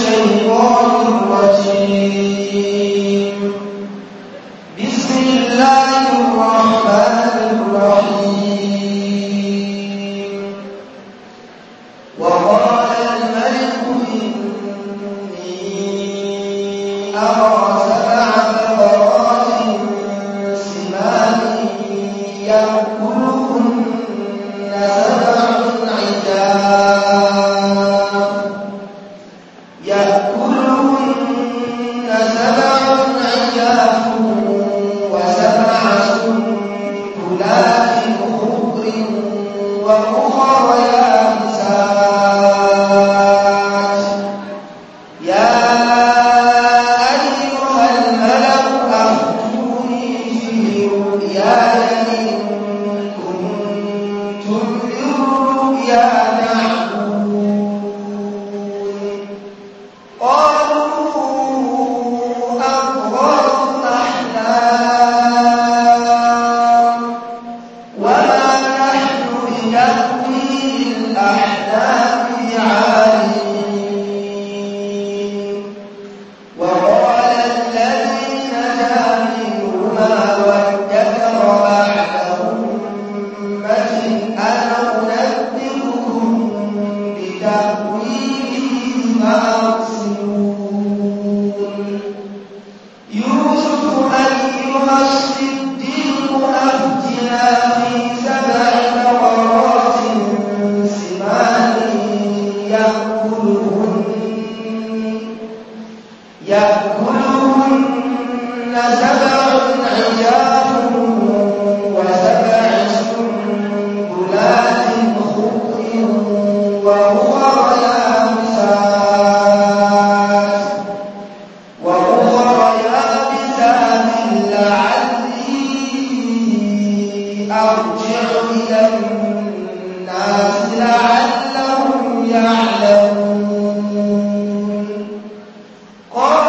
الشيطان الرجيم 아!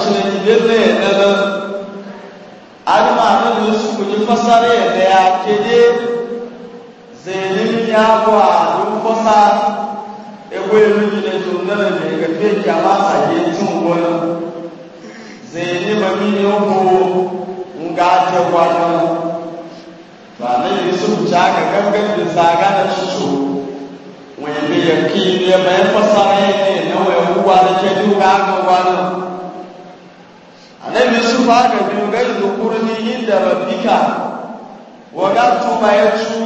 wuce na kibirna ya dana adama na lusu kuji fasara ya daya ke ne zainin ya bu a duk fasa ewe ruji na tunnara ne ga fiye kyama sake cin gona zainin mami ne ko nga ta gwana ba na yi su ci aka gangan da zaga na cikin wani yankin ne bayan fasara ya ne na wayan uwa da ke duka aka gwana annabi yusuf aka biyu ga zukurni inda rabbika wa ga tuba ya tu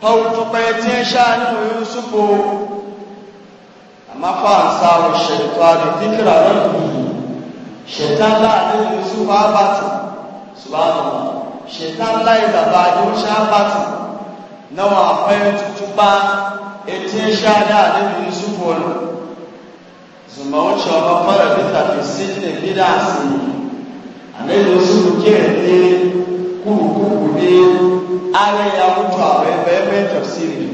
pautu ba ya tin shani yusuf amma fa an sa wa shaytanu dhikra rabbihi shaytan la annabi yusuf abata subhanallah shaytan la ida ba ju shabata nawa afayan tutuba etin shada annabi yusuf wannan zuma wuce wa fara bisa fi sinne bida su anai da su ke ne kurkuku ne ana ya mutu a bai bai bai tafsiri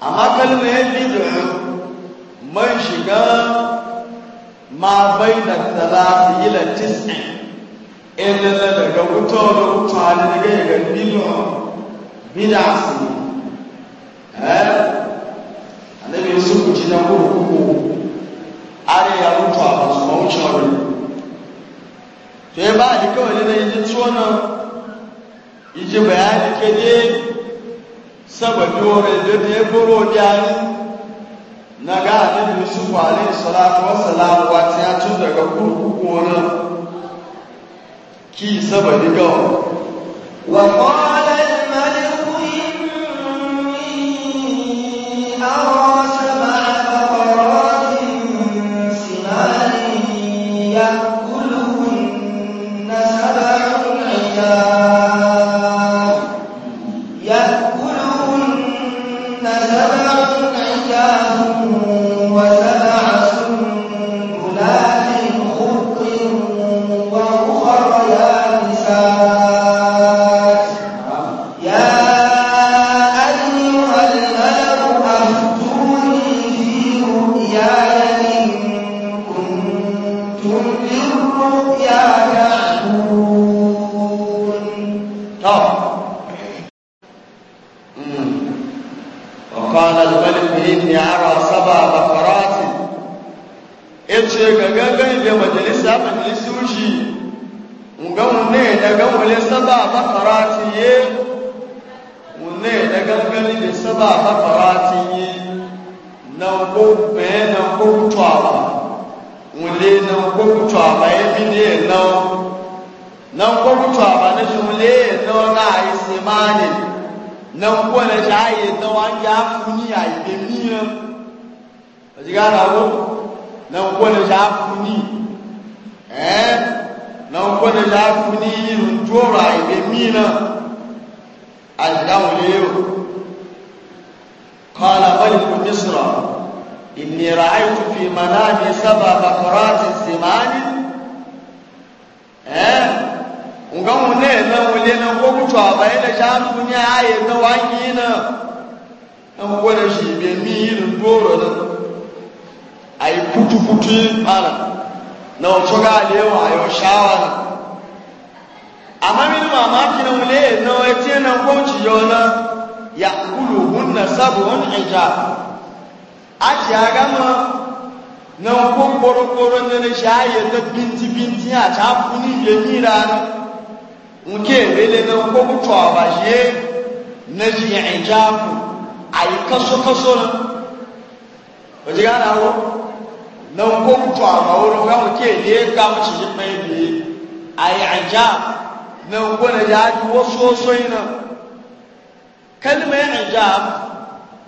amma kalma ya bida man shiga ma bai da talata ila tis'in ilala daga wuta da wuta ne daga yaga bida su eh annabi yusuf ji na kurkuku are ya mutu a kansu ba wuce wani to ya ba ni kawai ne yi ji tsonan yi ji bayani ke ne sababi wani da ta yi buru na ga annabi yusuf alaihi salatu wassalam wata ya tun daga kurkuku wani ki sababi gawa وقال الملك إني أرى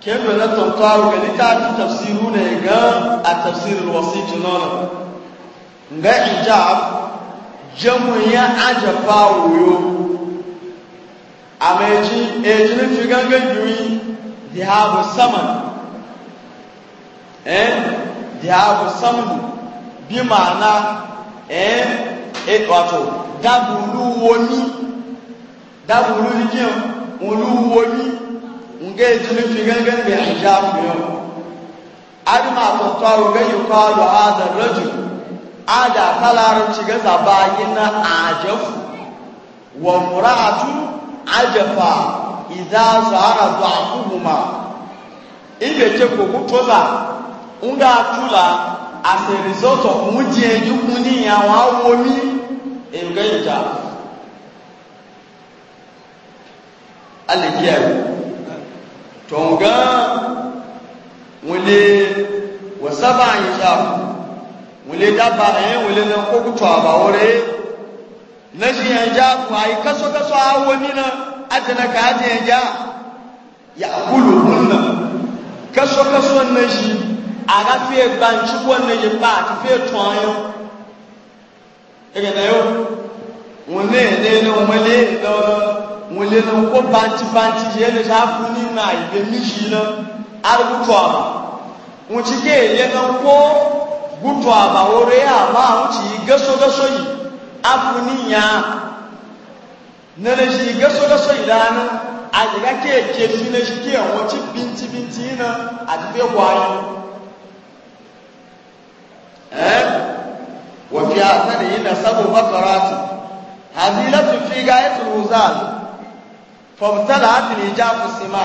kendo na tonkaru ga littafi tafsiru ne ga a tafsirin wasiti nono ga ijab jamun ya aja fawoyo a mai ji ejinin figan gajiyuyi da habu saman eh da habu saman bi ma'ana eh wato dabulu woni dabulu rijiyar wani woni nga ejilifi gangan da hijabu yau adama tattaru ga yi kwado hadar rajul ada ta larabci ga zabagi na ajafu wa mura'atu ajafa idza zara du'afuhuma ibe ke ko kutola nga atula as a result of mujie yukun ni àwọn awo mi nga hijabu alikiyawo tonga wule wasaba insha wule daba eh wule na ko ku to aba ore na shi yanja ku ai kaso kaso awo ni na atana ka aje yanja ya akulu hunna kaso kaso na shi aga fi gbanchu ko pa fi to ege na wọn lé lé ní wọn lé lọ wọn lé lọ kó bàǹtìbàǹtì yẹn lè sá fún ní nà ìgbé méjì lọ arúgbó àbà wọn ti gé lé lọ kó gbúdọ̀ àbà orí àbá àwọn ti gẹ́sọ́gẹ́sọ́ yìí afún níyàn nílẹ̀ sí gẹ́sọ́gẹ́sọ́ yìí dáná àyíká kéèké sí lé sí kí àwọn ti bíntìbíntì náà àti fẹ́ wọ ayé. وفي آثاره نسب بقرات hazilatu fi gayatul wuzal fọmtala atili jafu sima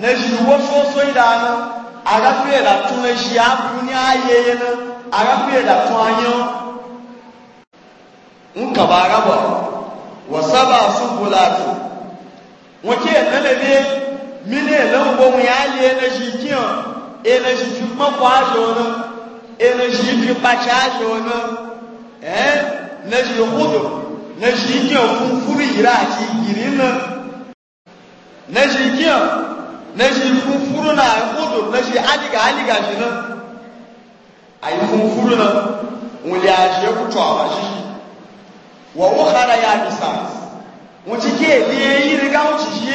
na shi wososo idanu aga fiye da tun na shi abu ni ayeye na aga fiye da tun anyo nka ba raba wasa ba su bulatu wace lalabe mine lambo mu yaye na shi na shi kiyan kun furu ira a na na shi kiyan na shi kun furu na kudu na shi adiga adiga shi na a yi kun furu na wuli a shi ya kutu a washi wa ukhara ya bisa wuci ke liye yi riga wuci shi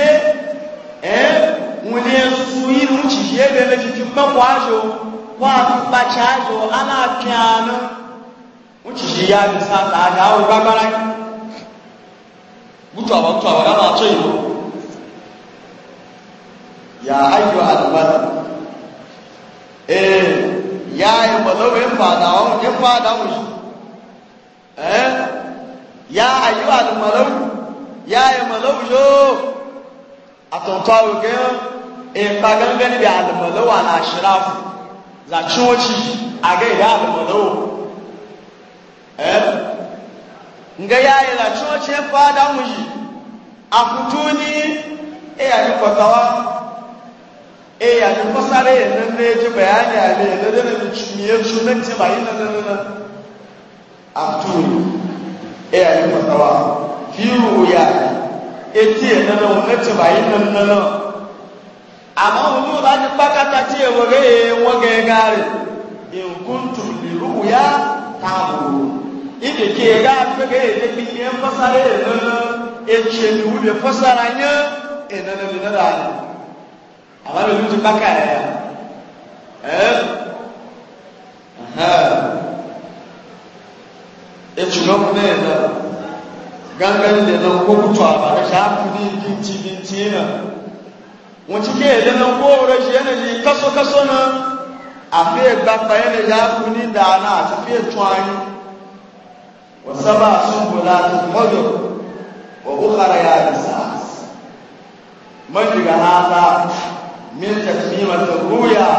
eh wuli ya e su yi wuci shi da na jikin makwajo wa fi bacajo ana piano wuci shi ya bisa ta ga wani gbagbara mutuwa ba mutuwa ba yana tsayi ya ayyu albal eh ya yi malawi in fada wa in fada wa shi eh ya ayyu albal ya yi malawi yo atonta eh, wo ke in ba gangan bi albal wa na za ciwoci a ya albal eh nga yaye la choche pada muji akutuni e ya nikotawa e ya nikosare ne ne ji bayani ale ne ne ne chumiye chumen ti bayi ne ne ne akutuni e ya nikotawa ya eti e ne ne ne ti bayi ne ne ne ama unu ba ni pakata ti e woge e woge gari in kuntum liruya tamuru ike ke ga fe ga ene bi ne fasara ene na eche ni wu be fasara nya ene na bi na da ni ama lo ju baka ya eh aha eche no ne na gangan le na ko kutu aba ga sha ku ni ginti ginti na won ti ke le na ko ro je ne ni kaso kaso na afi egba pa ene ya ku ni da na ati fi etu ayin وسبع سنبلات خضر وأخرى يابسات من هذا من تتميم الرؤيا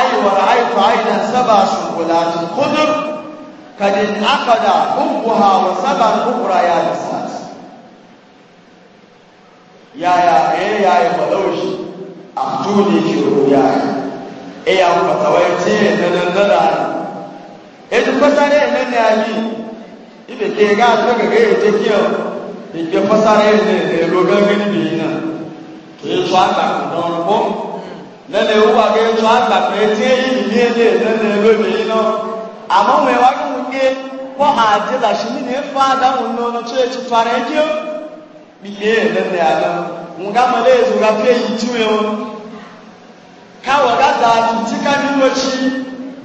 أي ورأيت عينا سبع سنبلات خضر قد انعقد حبها وسبع أخرى يابسات يا يا إيه يا يا فلوش أخذوني في رؤياي إيه يا فتويتي ننننن إذ فتني نننن ibe ke ga to ga ga te ki o ike fasare ne ne lo ga ga ni bi na ke so ata ko don ko ne ne o wa ke so ata pe ti e yi ni ni e ele ne ne lo bi na amo me wa ku ke ha je da shi ni e fa da un no no che chi fare ki o bi le ne ne ala mu ga ma le zo ga pe yi tu e o ka wa ga da ti ka ni lo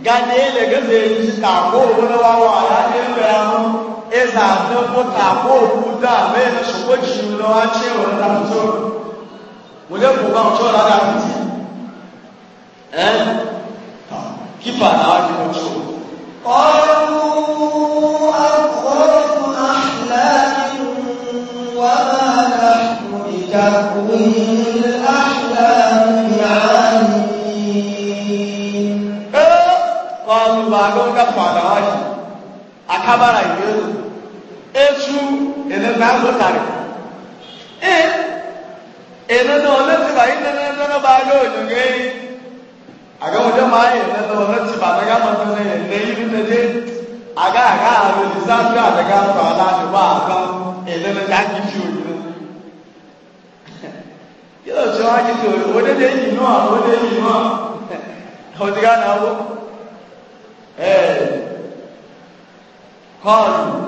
ga ne le ga ze ka ko wo wa wa ya ne ba eza ne bota ko kuda me ne soko ji lo a che na to mo le ko ba o cho la da na wa ko cho qalu aqrafu ahlaki wa ma nahnu bi taqwil ahlam ya'ani eh qalu ba ga akabara ìgbéru etu ẹnẹgbẹ alọtari ẹ ẹnẹnẹ ọlẹtìbà ìnẹnẹ ẹnẹnẹ bá yọ ònyìnbó yìí agawọdẹ máa yẹ ẹnẹnẹ ọlẹtìbà àtàgà mọtẹnẹ ẹnẹ yìí nínẹdẹ aga aga àrò ìsáájú àtàgà tó aláàdúgbò àgbà ẹnẹnẹ dàgì fi òyìnbó yóò tí wọn ti tó òde dé yìí náà òde yìí náà òde gánà wọ ẹ kọlu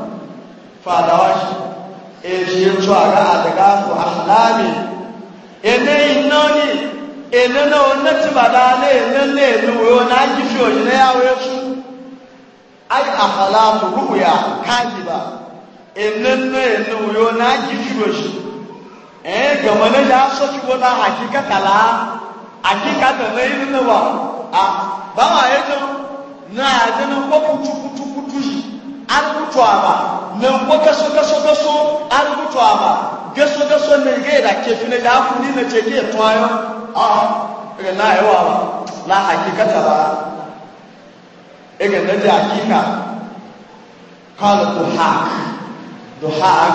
fàdáwáṣì èṣì ètò àrá àdàgáàfò àhàlámi ẹnẹ́ iná ní ẹnẹ́ náà ọ̀nà tí bàdá alẹ́ ẹnẹ́ náà ẹ̀lúwẹ̀ ọ̀nà ajífì òyìnlẹ̀ yàwó ẹ̀ṣù ayé àhàlámi rúwìá káàdìbà ẹnẹ́ náà ẹ̀lúwẹ̀ ọ̀nà ajífì òṣù ẹ̀ gàmọ́lẹ́ yà sọ́tìwọ́ náà àkíkàtàlá àkíkàtàlá ìlú náà wà báwa ẹ̀jẹ̀ náà àjẹ́ náà arubutwa ba nan ko kaso kaso kaso arubutwa ba gaso gaso ne ga da ke fina da ku ni na ce ke twayo a ga na yawa ba la hakikata ba ga na da hakika qala duhak duhak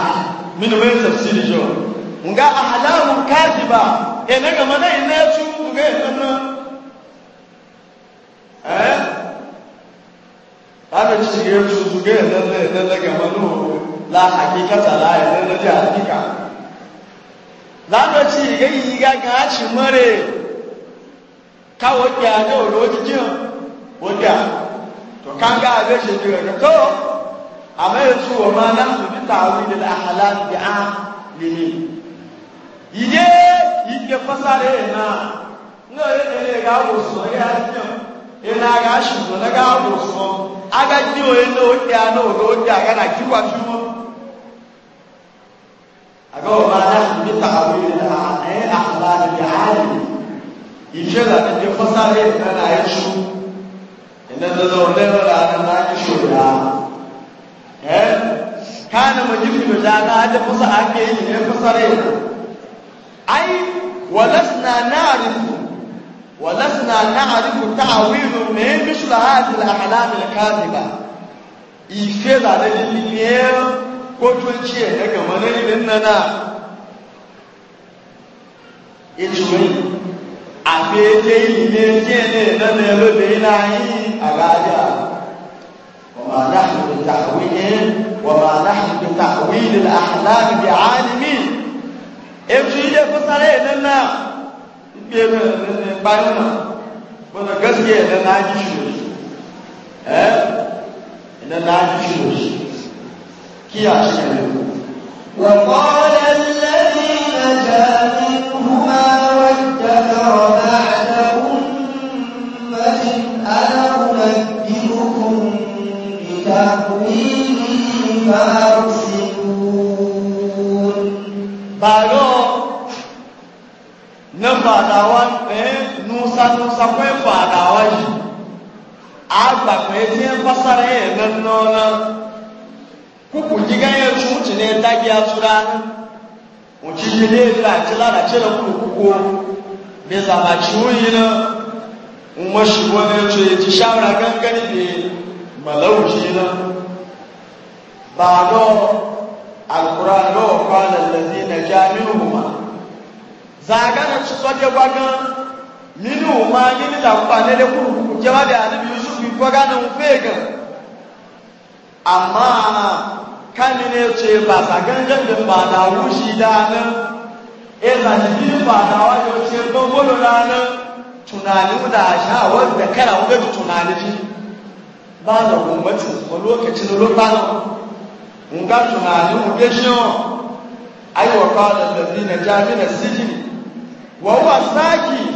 min wani tafsiri jo nga ahlamu kadiba e na ga mana ina tu ga na eh ana ci shige su su ga nan da nan da no la hakikata la ya nan da hakika lado ci ga yi ga ga ci mare ka wote a ga wani wote jin wote a to kan ga abin shi jira ga to amma yanzu wa ma nan su bi ta'awil al ahlam bi a lini ide ide fasare na no ne ne ga go so ya jin ina ga shi go na aga ji oye na oge anụ ụlọ oge aga na jikwa chụmọ aga ọba na mita awi na anyị akpa nke anyị ije na ndị fọsara ebe na anyị chụ e ene dodo ole ole ana na anyị chụrụ e ya ee ka ana m ji filo ja na adị fọsara aka enyi na fọsara ebe anyị wọlasna na arịfụ ولسنا نعرف تعويض من مثل هذه الأحلام الكاذبة إيسيلا للمير كوتوشي لك مني مننا إجوي أبيتي لميسيني نمير بيناي أراجع وما نحن بتحويل وما نحن بتحويل الأحلام بعالمين إجوي لفصلين لنا biyana bayana wanda gaskiya da na ji shi eh da na ji shi kiya shi ne wa qala alladhi najaminhuma wa dakara ba'da ummatin ana unabbiukum bi ta'wilihi fa arsilun na wa, eh nusa nusa kwa fadawa ji agba kwa etie pasara ye na nona kuku jiga ye chuchi ne dagi atura uchiji ne la tila na chela kuku kuku beza machuyi na umashi wone che tishara gangani bi malauji na bado القرآن لو قال الذين جاء منهما zagana tsoje gwagan minu ma gini da ba ne da kuru je ba da annabi yusuf bi gwagan mu fega amma kan ne ce ba zagan gangan ba da rushi da nan e za shi bi ba da wa yo ce ban bolo da nan tunani da shawar da kana wanda tunani shi ba da gwamnati a lokacin lokacin nga tunani mu geshiyo ayi wa qala alladhina jaa min as وهو ساكي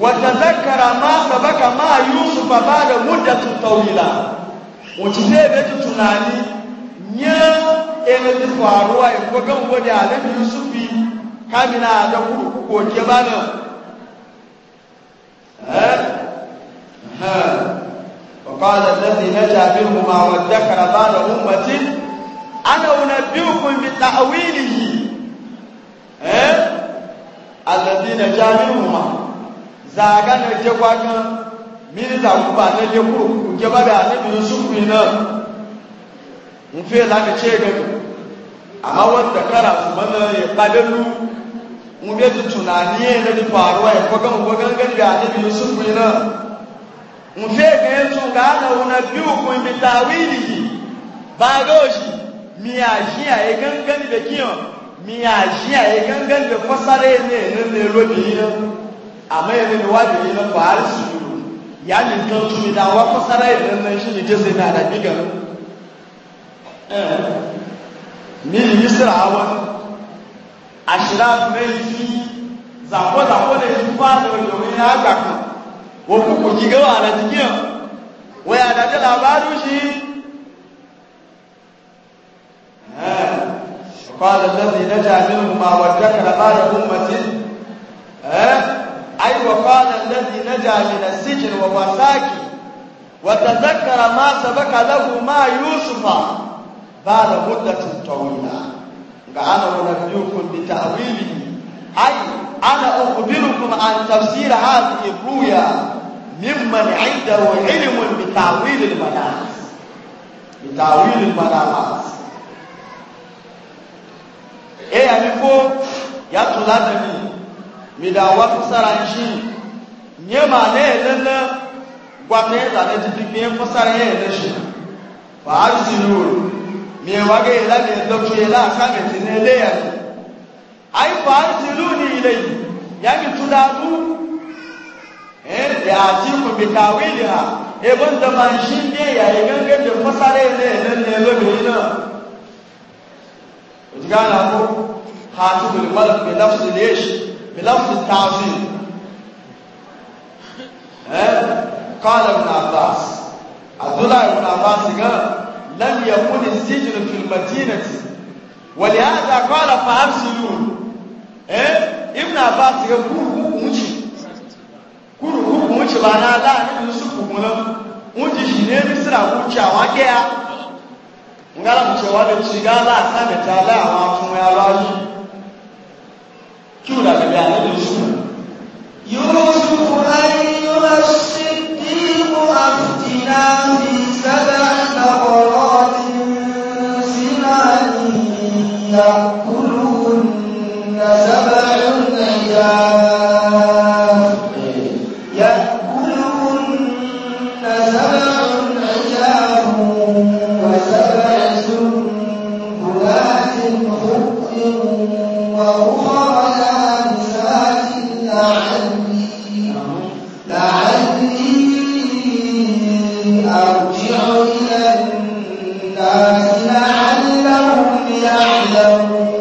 وتذكر ما سبق مع يوسف بعد مدة طويلة وتزيد تناني نيا إلى الفاروة وقم ودي على يوسف كامنا هذا كله وجبانا ها ها وقال الذي نجا منهما وادكر بعد أمة أنا أنبئكم بتأويله ها alẹ́bí na já nínú ma zàgá na jẹ́ e, wá gan mínísà kúbà na jẹ́ kúrò kúrò jẹ́ bá dà níbi yusufu náà ń fẹ́ láti ṣe é gẹ̀gẹ̀ àmọ́ wọ́n tẹ̀kára fún mọ́ náà yẹ padà ń bẹ́ tuntun náà ní ẹ̀ lẹ́ni pààrọ̀ ẹ̀ kọ́gán kọ́gán gẹ́gẹ́ bí àníbi yusufu náà ń fẹ́ gẹ̀ẹ́ tún káàdà wọn na bí òkun ibi tàwíìlì yìí bá a gọ́ọ̀ṣì mi àṣìyà ẹ̀ gángan níbẹ̀ kíyàn miyaji a yi gangan da kwasare ne nan ne lobi na amma yana ne wabi yi na fahari su ya ni kan su mi da wa kwasare ne nan shi ne jese na da bigan ni yi misira awon ashira ne yi zafo zafo ne yi ba da wani domin ya gaka wa kuku gigawa na jikin waya da ta labarin shi قال الذي نجا منهما وادكر بعد أمة ها أي وقال الذي نجا من السجن وهو وتذكر ما سبق له ما يوسف بعد مدة طويلة فأنا أنبئكم بتأويله أي أنا أخبركم عن تفسير هذه الرؤيا ممن عنده علم بتأويل المناس بتأويل المناس e ya mi ya tula da mi mi da wasu saranci nye ma ne elele gwamne da ne jibi mi fasara ya ele shi fa arsi nuru mi wa ga ila ne dokto aka ne ti ne le ya ai fa arsi luni ilai ya mi tula du eh ya ji ku bi ha e ban da man shi ya yi gangan da fasara ya ne ele ne lo ne na وتقال أبو حاتب الملك بنفس ليش بنفس التعظيم قال ابن عباس عبد الله بن عباس قال لم يكن السجن في المدينة ولهذا قال فأرسلون ابن عباس قال كل وجه كل وجه معناه لا نفس كل وجه شنو مصر وجه وجه ngala mchewale chigala akane tala awafumu ya lwali kiula bebe anebishuna يوسف أيها الصديق أفتنا في سبع بقرات سمان يأكلهن سبع عجاف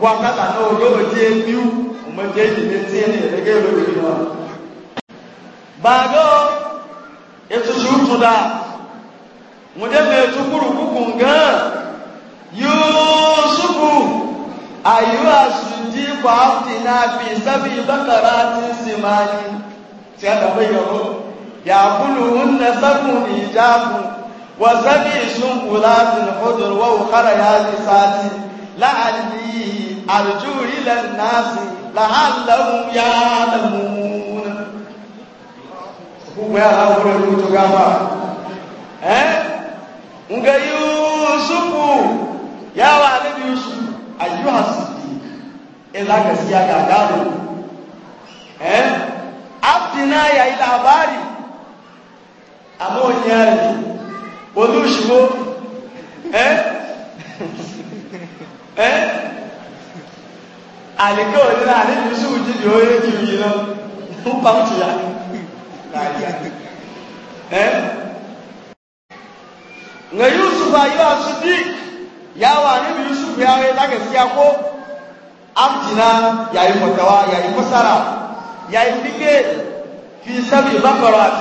wakata na ogoje biu ne ni tie ni rege lo ni wa bago etu shutu da muje me tukuru kukunga yusufu ayu asudi kwa na-afi sabi bakaratin simani sai da bayyano ya kulu hunna sabun ijabu wa sabi sunqulatin hudur wa ya sati لعلي أرجو إلى الناس لعلهم يعلمون هو هؤلاء المتقابع ها nga yusufu yawa nabi yusuf ayyuha siddiq ila gaskiya ga gado eh abdina ya yi labari amma wani yare ne wani shigo eh àlìkọ́ òdìrà àlìkù sí òjìdì orí jù yìí lọ ń pa ń tìyà yusuf a yiwa su dik yusuf ya wai ta gaskiya ko amtina ya yi fatawa ya yi fasara fi sabi bakarat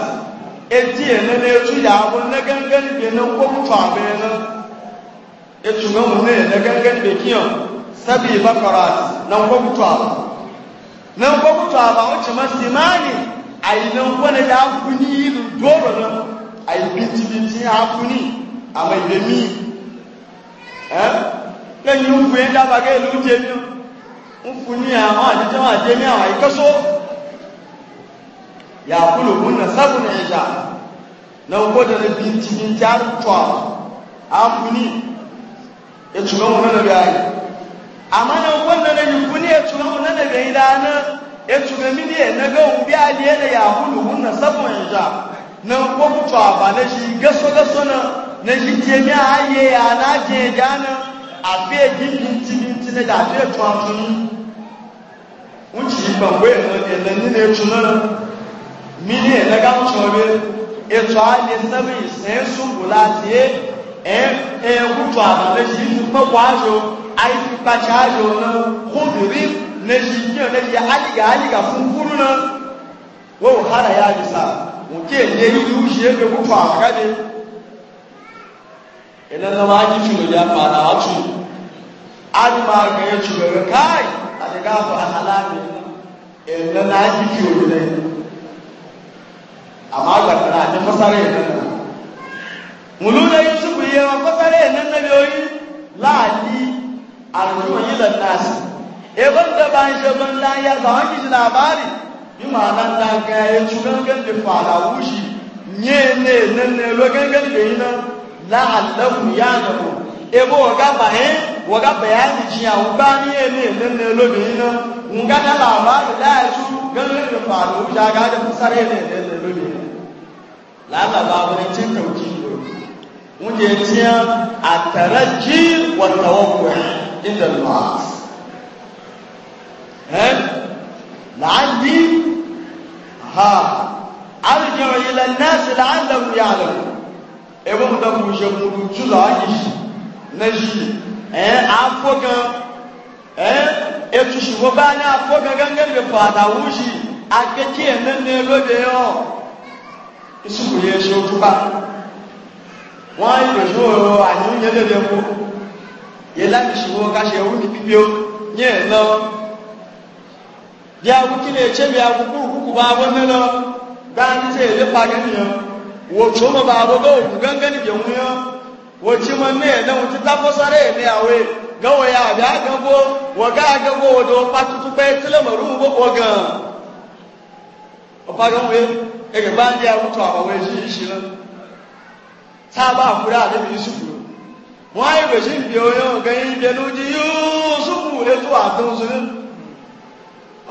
eti ya na ne ya abun na gangan bi na kwamfa bai etunga mune na gangan da kiyan sabi bakarat nan ko mutuwa nan ko mutuwa ba wacce ma simani ai nan ko na da kuni doro nan ai binti binti ha kuni a mai da mi eh kan yi ku yanda ba ga ilu je mi un kuni a ma da jama'a je mi a ai kaso ya kulu kunna sabun ija nan ko da binti binti ha mutuwa ya cuga mu na nabi ayi amma nan wannan na yunkuni ya cuga mu na nabi ayi dana ya cuga mini ya na ga ubi aliye na ya hulu hunna sabon ya ja na kwakutu ba na shi gaso na na shi je mi aye ya na je ya na a fiye gindin tintin na da fiye tuwatun wuce ban gwe na ni ne tunan mini ya na ga mutuwa bai etu a ne sabi sai sun bula tiye ɛkutu aba ne yi nu kpɛkɔ ayo ayi kpatsa ayo ne kodori ne yi nyɛ ne yi aliga aliga funkuru ne wo wò hara ya ayi sa wò ké ne yi ni wusi ebe kutu aba ka de ɛnana wa ayi tu ne ya ma na wa tu ayi ma ka yɛ tu ne kai ati ka fɔ ahala mi ɛnana ayi tu ne ama agbata mulula yusufu ye wa kɔsare ne nabi oyi laali aluwa yi la naasi ebon da ban she bon la ya za wani ji labari bi ma nan da ga ye shugan gan de fara wushi nye ne ne ne lo gan gan de ina la allahu ya da ko ebo ga ba he wa ga bayani ji ya u ba ni ne ne ne lo bi ina un ga da labari la ya su gan gan de fara wushi ga da kɔsare ne ne ne lo bi ina la wuje tiya a taraji wa tawakkul inda Allah eh ha arji'u ila an-nas la'allahum ya'lamun ebe mu da mu je mu du tula yi na shi eh afogan eh etu shi wo ba ni afogan gangan be fada wushi akeke ene ne lobe yo isu ku ye shi o tuba wọ́n ìdòdó ọ̀rọ̀ àníyàn lẹ́lẹ́ mú yẹ láti ṣòwò káṣẹ ewu ní pípé ó ní ẹ̀ lọ bí awu kí lè ṣe bí awu kúrú kúkú bá wọ́n mẹ́ lọ bá ń tẹ̀ lé parí nìyẹn wò tó mọ̀ bá wọ́n bá òkú gángan níbi òun yẹn wò tí mo ní ẹ̀ lẹ́wọ̀n títà fọ́sáré ẹ̀ ní àwẹ̀ gánwó ya àbí àgánwó wọ́n gá àgánwó wọ́dọ̀ ọ̀pá tuntun pẹ́ tílẹ̀ mọ̀rú gbogbo gan ọ̀pá gánwó yẹn ẹ̀gẹ̀ bá ń dí awu tó sábà àkúrẹ́ àdébí yusufu wọ́n á ìwé sí ìgbé oyún nǹkan yìí jẹ lójú yusufu ètò àtúnṣe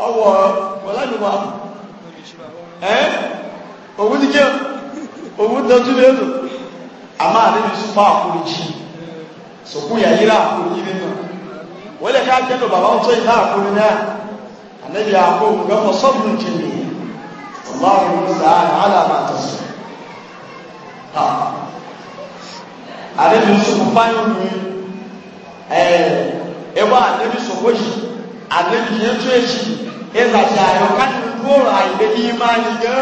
ọwọ́ ọ̀lànìwà ẹ́ òun ti tọ́jú lẹ́nu àmọ́ àdébí yusufu àkúrẹ́ jì sòkú yàyíra àkúrẹ́ yìí nínú wọ́n lè ká jẹ́nu bàbá anabi nso ban wi ɛɛ ɛwɔ anabi so wɔ yi anabi yɛn to akyi ɛza hyɛ ayɔ kati duoro a yɛ yi ma yi yɛ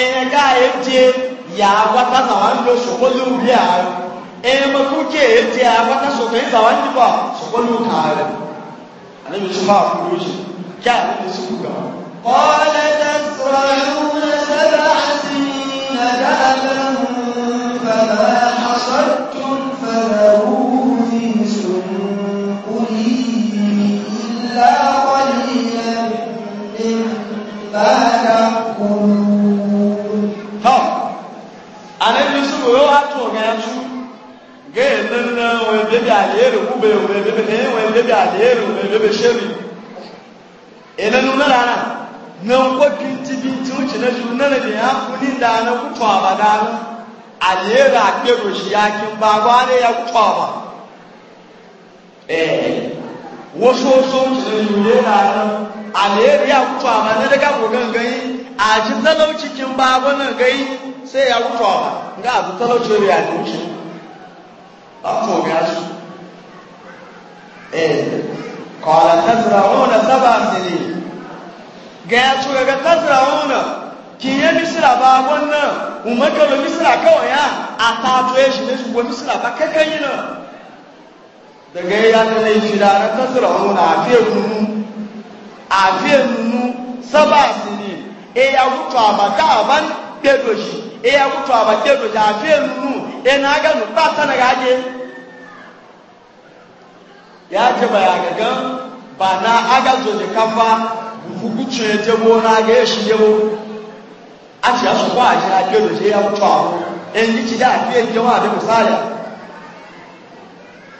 ɛyɛ ga a yɛtie yɛ agbata na wɔn do so wɔ lu wi a ɛyɛ ma ko kye yɛtie agbata so kɛ ɛza wɔn ti bɔ so wɔ lu kaa yɛ anabi nso ba akoro yi kí anabi nso bu gama. قال تزرعون سبع سنين دابا ثمره من سنقله إلا قليلا مما تأكلون Anẹ́bí sùgbò yóò wá tún ọ̀gá ẹjú. Géè nínú wọn ebébí àlérò kúbe wọn ebébí ní wọn ebébí àlérò wọn ebébí ṣẹ́rì. Ìnínú náà náà, alera akpero shi yakin ba ba ne ya kuka ba eh wasu sun su ne alera ya kuka ba na daga gogan gani a ji talauci kin ba ba nan gai sai ya kuka eh, ba ga abu talauci ya kuka ba ko ga su eh qala tazrauna sab'a sinin ga ya tura ga tazrauna kinye misira ba wannan umakalo misira kawai ya a tato ya shi ne shi gwa misira ba kakan yi nan daga ya ta na shi da na kasira wani a fiye nunu a fiye nunu saba sini e ya wuce a ba ta ban kedo shi e ya wuce a ba kedo shi a fiye nunu e na ga nu ba ta na gaje aga zo da kafa bukukucin ya jebo na ga a ce ya shugaba a jira biyu da ce ya mutu a mu in yi ci da a fiye jama'a da misali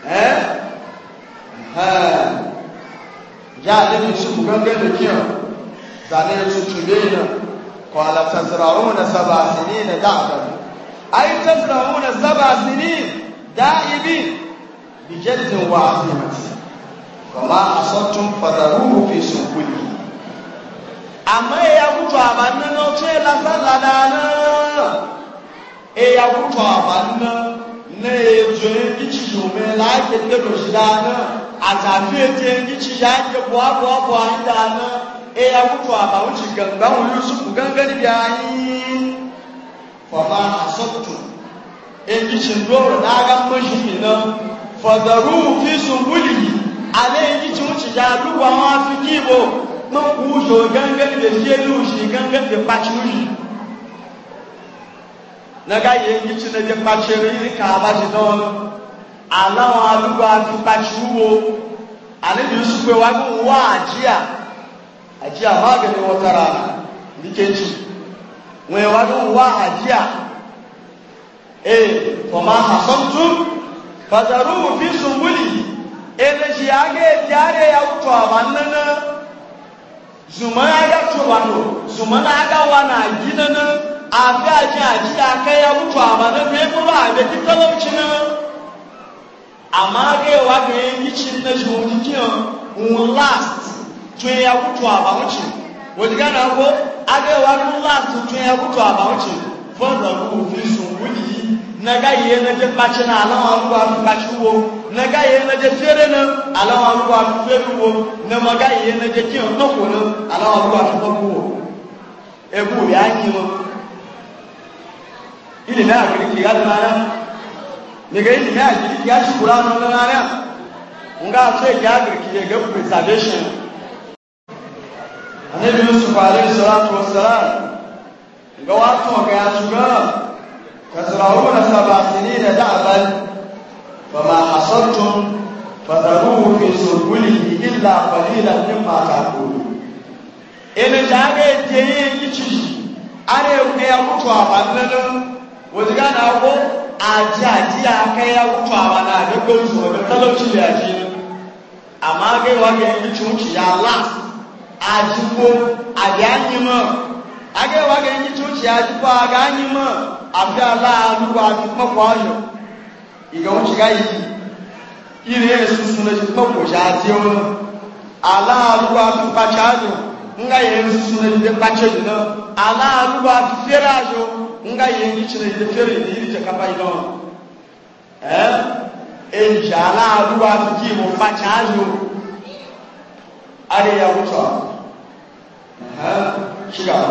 eh ya da ni su gangan da kiyan zane ya tutube na kwala tasraru na saba sini na da'abar ai tasraru na saba sini da'ibi bi jaddin wa azimati wa ma asabtum fadaruhu fi sukulihi àmọ́ ẹ̀yà kútù àbá nínú ẹ lásán ládàá náà ẹ̀yà kútù ètò ẹni tìjú mi láàyè tẹ̀lé ṣìdá náà àtàfi ètò ẹni tìjú àyè bọ́ bọ́ bọ́ àyíká náà ẹ̀yà ti gàngbà wọn yusufu gángan níbi ayé fọba àsọtò ẹni tìjú ọ̀rọ̀ náà gá mi náà fọ̀dọ̀rù fi sùn wúlì yìí alẹ́ ẹni tìjú ti yà lúwa wọn fi kí ibò. nuku uzo gangan da shelu shi gangan da bacin shi na ga yi ka ba shi don alawa aluba ti bacin wo ale bi su pe wa ko wa ajia ajia ma ga ni wotara ni keji we wa ko wa ya zuma ya ga tubano zuma na ga wana gina nan a gaji a ya mutu a ba nan mai kuma a da kita lauci nan amma ga yawa ga yin gicin na jihun jikin last tun ya mutu a ba wuce wòtí ká náà kó agbẹ́wà tó láti tún ẹ kó tó àbáwọ̀tì fọ́ọ̀dọ̀ ọ̀hún òfin sùn wúni yìí nàgá yìí ẹ nàgé pàṣẹ náà aláwọ̀ ọ̀hún wà fún pàṣẹ wo na yi na je fere na alawa ruwa su fere wo na ma ga yi na je kiyan toko na alawa ruwa su toko wo ebu ya yi wo ili na agiri ki gadi na na ne ga na agiri ki ya shi kura na na na nga so ya agiri ki ya ga preservation anabi yusuf alayhi salatu wassalam ga wato ga ya shugaba tasra'una sab'a sinina da'ban وما حصلتم فذروه في سربله إلا قليلا مما تأكلون إن جاء جيء يشي أنا يا مطوع بنلنا وتجانا هو aji aji aka ya wutuwa na adagbo zuwa da talauci da yaji amma gaiwa ga yi cuci ya las ajigbo abianyima agaiwa ga yi cuci ya ajigbo aga anyima abiala alugbo ajigbakwa ọyọ ìgbà wọn ṣe káyìí ilé sunsun lè ti kpọ́kù ṣáàtì wọn aláàlú àtúpàṣẹ àjò nga yẹn sunsun lè ti dé pàṣẹ yìí náà aláàlú àtúfẹ́rẹ́ àjò nga yẹn yìí ṣe lè ti fẹ́rẹ́ yìí yìí jẹ kápá yìí náà ẹ ẹ jẹ aláàlú àtúkì mọ pàṣẹ àjò adé yà wùtọ́ ṣùgbọ́n.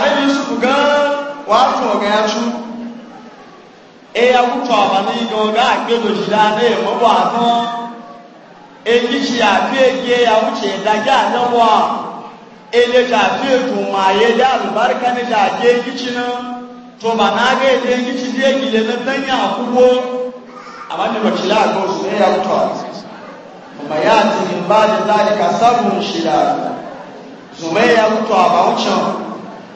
anabi yusufu gan wàásù ọ̀gá ya tú àbáni ọ̀gá àgbẹ̀dọ̀jì dáadé mọ́bọ̀ àtán ejíṣe àfi èké àwùjẹ ìdájọ́ àdánwò à eléjà àfi ètùn màáyé dé àlùbáríkà níjà àjẹ ejíṣe náà tọba náà gé ètè ejíṣe dé ìgbìlẹ̀ náà tẹ́yìn àbáni ọ̀gá ya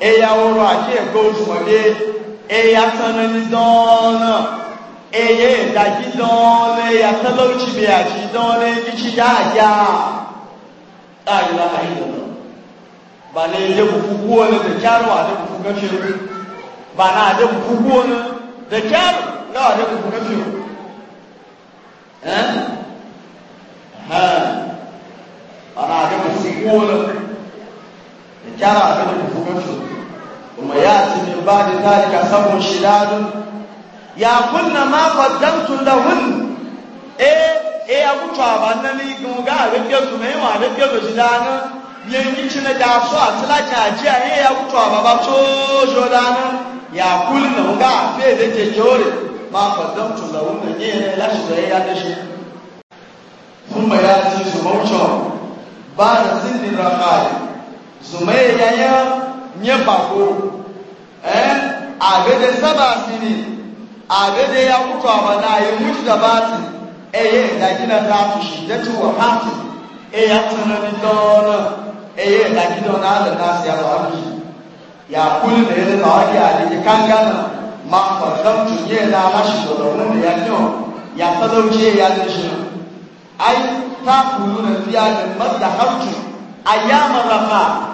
eya woro ake eko osumode eya tsanani dɔɔna eya edadzi dɔɔna eya tɛlɛwutsi be atsi dɔɔna editsi ya ya ayila ayi lɔlɔ bana ede kuku kuwo ne deke aro ade kuku kɛfio bana ade kuku kuwo ne deke aro ne ade kuku kɛfio ɛn hɛn bana ade kyara abin da hukumansu kuma ya ci min ba da zalika sabon shidadun ya kunna ma qaddamtu lahun eh eh abu to abanna ni gun ga rike su mai wa rike su shidana yanki cina da so a tilaka ji a eh abu to ababa to jodana ya kunna ga fe da ke jore ma qaddamtu lahun ne ne la shi da ya dashi kuma ya ci su mawcho ba da sindin rakai zumai yanya nye bako eh agade saba sini agade ya kutu abana ya mutu da bati eye da gina da tu shi da tu wa hati e ya tsana ni dona eye da gina na da nasi ya rawi ya kullu da ya da wani a da kangana ma fadam tu ye da mashi da wannan da ya kiyo ya sadauke ya da shi ai ta kullu na fiya da mazda haftu ayyama rafa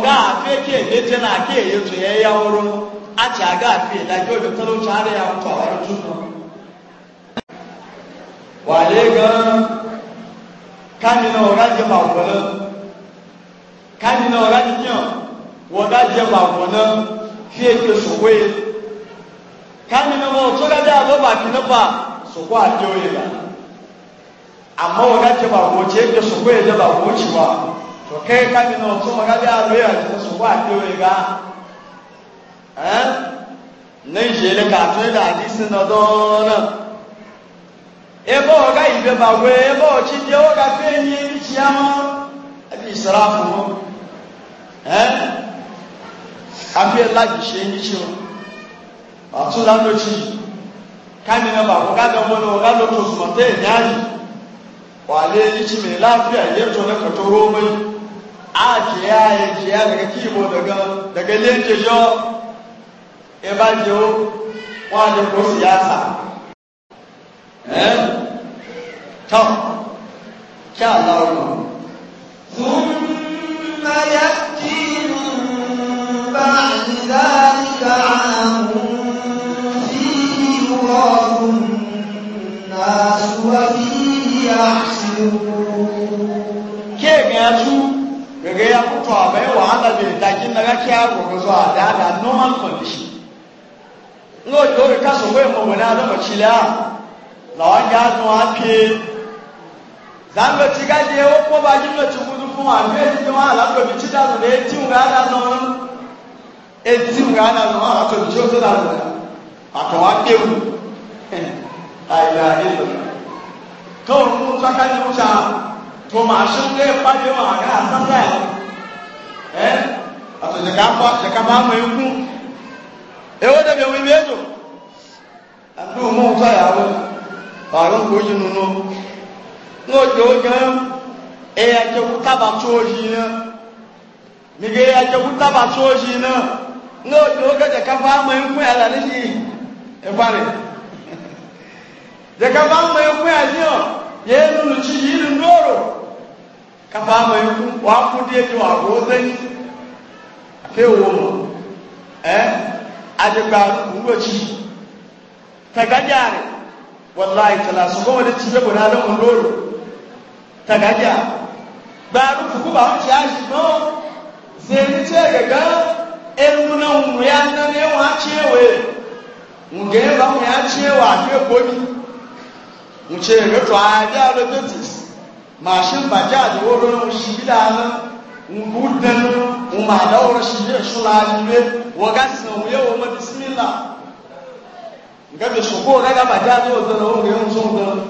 nga afe ke ete na ake yetu ya ya woro acha aga afe da ke obi tolo chare ya kwa waro tuno wale ga kani na ora je ba wona kani na ora je nyo wona je ba wona fie ke sowe kani na mo to ga da ba ba kina ba sokwa ajo ye ba amma wona je ba wo che ke sowe je ba wo chi wa to kai kami na otu magabi alo ya da su ba ke wai ga eh nan je le ka to da hadisi na do na ebe o ga ibe ba we ebe o chi je o ga fe ni ni chi ama abi israfu eh abi la ji she ni chi o atu la no chi kami na ba ko ga do mo no ga lo to su mo te nyaji wale ni chi me lafiya yeto na ka to a ce daga kibo daga daga lenje yo e ko siyasa eh kya Allah ko thumma gaga ya fito a bai wahala bai dakin na ga kiya gobe zuwa da da normal condition ngo to ka so bai mu na da macila la wa ga no ake ga ci e o ko ba jin na tuku fún wa ní èyí wọn àlàtòbí tí dànù lé tí wọn á dànù ọrùn etí wọn á dànù wọn àlàtòbí tí ó tó dànù rẹ àtọwà gbẹwò àìlà ìlò kọ́ ọ̀run tó ká ní wọn sá to mashin ga ya fadi wa ga san da eh ato de be wi be do andu mo ta ya wo ba ro ko ji no no jo ga e ya je ku ta ba to ji na mi ga ya no jo ga je ka ba mo yuku ya la ni ji e pa ni je ka ba mo yuku ya ni o ye nu kapa ama iku wakudi eti wagoze ni ke wo eh adegba ngochi tagajare wallahi tala so go de tibe bona da ondoro tagaja gbaru fuku ba ho chaji no zeni chegega enu na unu ya na ne wa chewe nge ba mu ya chewa ke bobi mu chege to aja lo to mashin bajaj wurin shida nan gudan ma daura shida shula ne wa gasin wuye wa ma bismillah ga da su ko ga bajaj wa da wurin yin sun da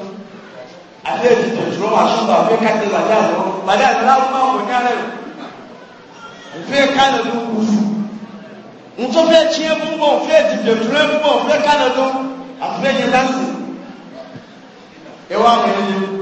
ale da jiro mashin ba fe kan da bajaj bajaj na ma ko kare fe kan da kuzu nso fe chie bumbo fe di de jiro bumbo fe kan da do afi ne dansi ewa ngene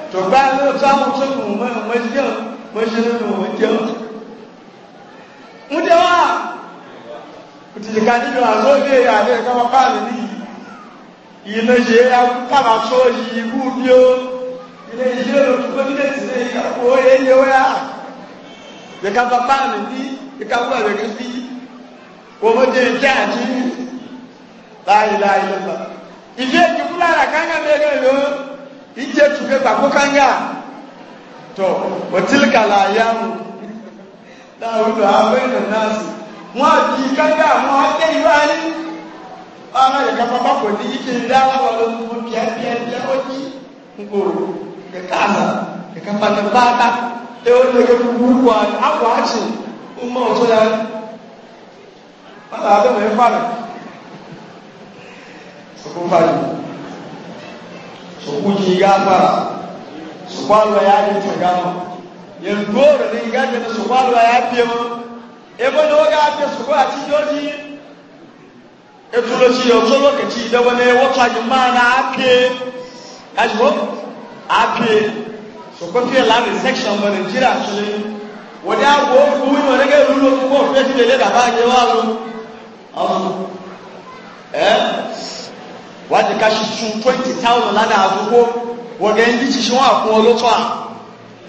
to bayan nan samun sun mu mai majiyar majiyar da majiyar mu da wa kutijikani da azo ne ya ne kama bani ni ina je ya kama so yi gubiyo ina je da kuma ni da tsire ya ko yayye waya ya kama bani ni ya kama da gaski ko mo je ja ji la ilaha illallah ije ki kula la kanga be ga yo ije tufe ba ko kanya to wa tilka la yamu da hudu abaina nasu wa ki kanya mu hade ibani ana ya kafa ba ko ni ike da wa lo mu pia pia pia oji ngoro ke kasa ke kafa ne bata e o ne ke buru wa akwa achi umma o to ya ala ade me fara so ko fara su kuji gafara su kwalwa ya yi ta gama yanzu dole ne ya gana su kwalwa ya fiye mu ebe da waga fiye su kwa ci yoji e tulo ci yanzu lokaci da wani wata yi ma na ake ya ji ko ake su kwa fiye lamin section ba nigeria actually wani agwo kuwi wani ga yi rulo kuma fiye ti da leda ba a yi wa ru eh wájú káṣí tún twenty thousand ládàá àdúgbò wọ̀gẹ̀ ń díjì ṣe wọ́n àkún olótọ́ à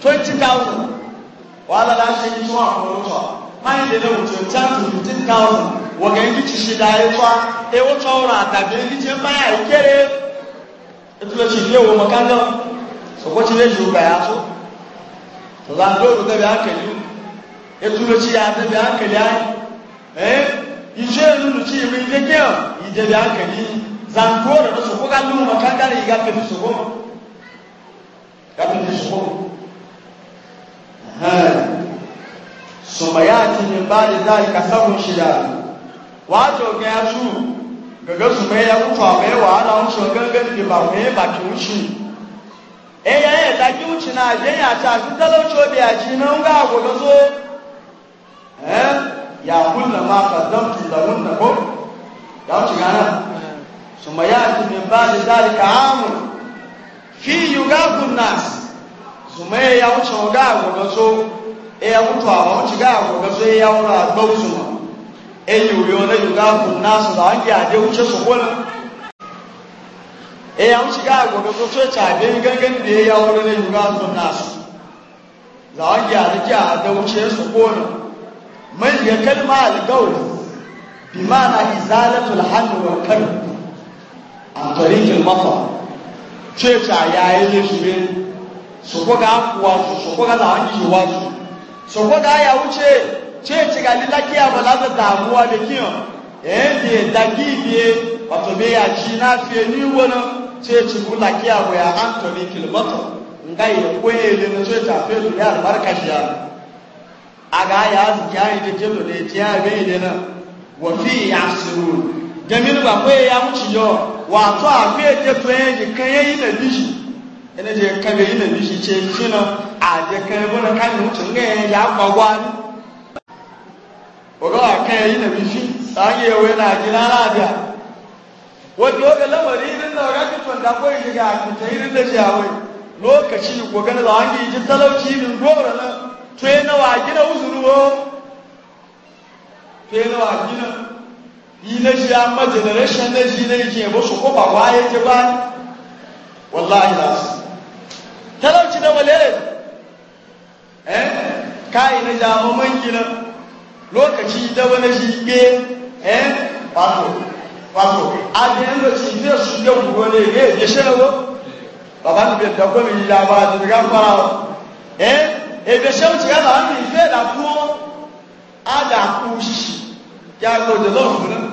twenty thousand wàhálà láti ṣe ṣe wọ́n àkún olótọ́ à máyì lè lẹ́wọ̀n twenty thousand fifteen thousand wọ̀gẹ̀ ń díjì ṣe dáa ẹ̀fọ́ ewó tọ́ ọ̀rọ̀ àtàgbé ń díjì ń báyà ìkéré ètùlọ̀ ṣì ilé ìwòmọ̀ kájọ́ sọ̀kọ́ ti lè yóò gbàyà tó tọ́lá ń lóòrùn tẹ́bi ákẹ̀lú ètùlọ̀ zangoro no soko ka lumu makangale iga pe soko ka pe soko ha suma yati min ba'di dhalika sabrun shida wato ga yasu gaga su mai ya kufa mai wa ala un shoga gan di ba mai ba ki uchi e ya ya ta ki uchi na je ya ta su talauco bi a ji nan ga go ga zo eh ya kullu ma qaddamtu lahunna ko ya uchi gana ثم يأتي من بعد ذلك عام في يغاث الناس ثم يأتي وغاث وغاث يأتي وغاث وغاث يأتي وغاث eyi wuri wani yuga kunna su da hangi ade wuce su kuna e ya wuce ga gobe ko so ta be gangan da a tarikin mafa ya yi ne su ne su kwaga da hanki su su ya wuce ga ni lakiya ba za ta damuwa da kiyan eh biye da gibiye wato be ci na fiye ni wani ceci ku ya antoni kilmata nga yi kwaye na su ya albarka ya ya na ya jamilu ba kwe ya muci yo wato a fiye ta fiye ji kan yayi na bishi ina je kan yayi na bishi ce kina a je kan yayi na kan mutum ne ya gbagwa ni oga a kan yayi na bishi ta yi yawo yana gina lafiya wato oga lamari irin na oga tutun da kawai shiga a kuta irin da shi a wai lokaci ko gani za a ji talauci min dora na tuye na wa gina uzuru o tuye na wa gina yi na shi amma generation na shi na yake yabo su kofa wa ya ke ba ni wallahi na su talauci na malaria eh kai na jama man gina lokaci da wani shi ke eh wato wato a da yanzu ci zai su da kuwa ne ne ya shi na àdàkú ṣíṣì kí a gbọ́dọ̀ lọ́rùn náà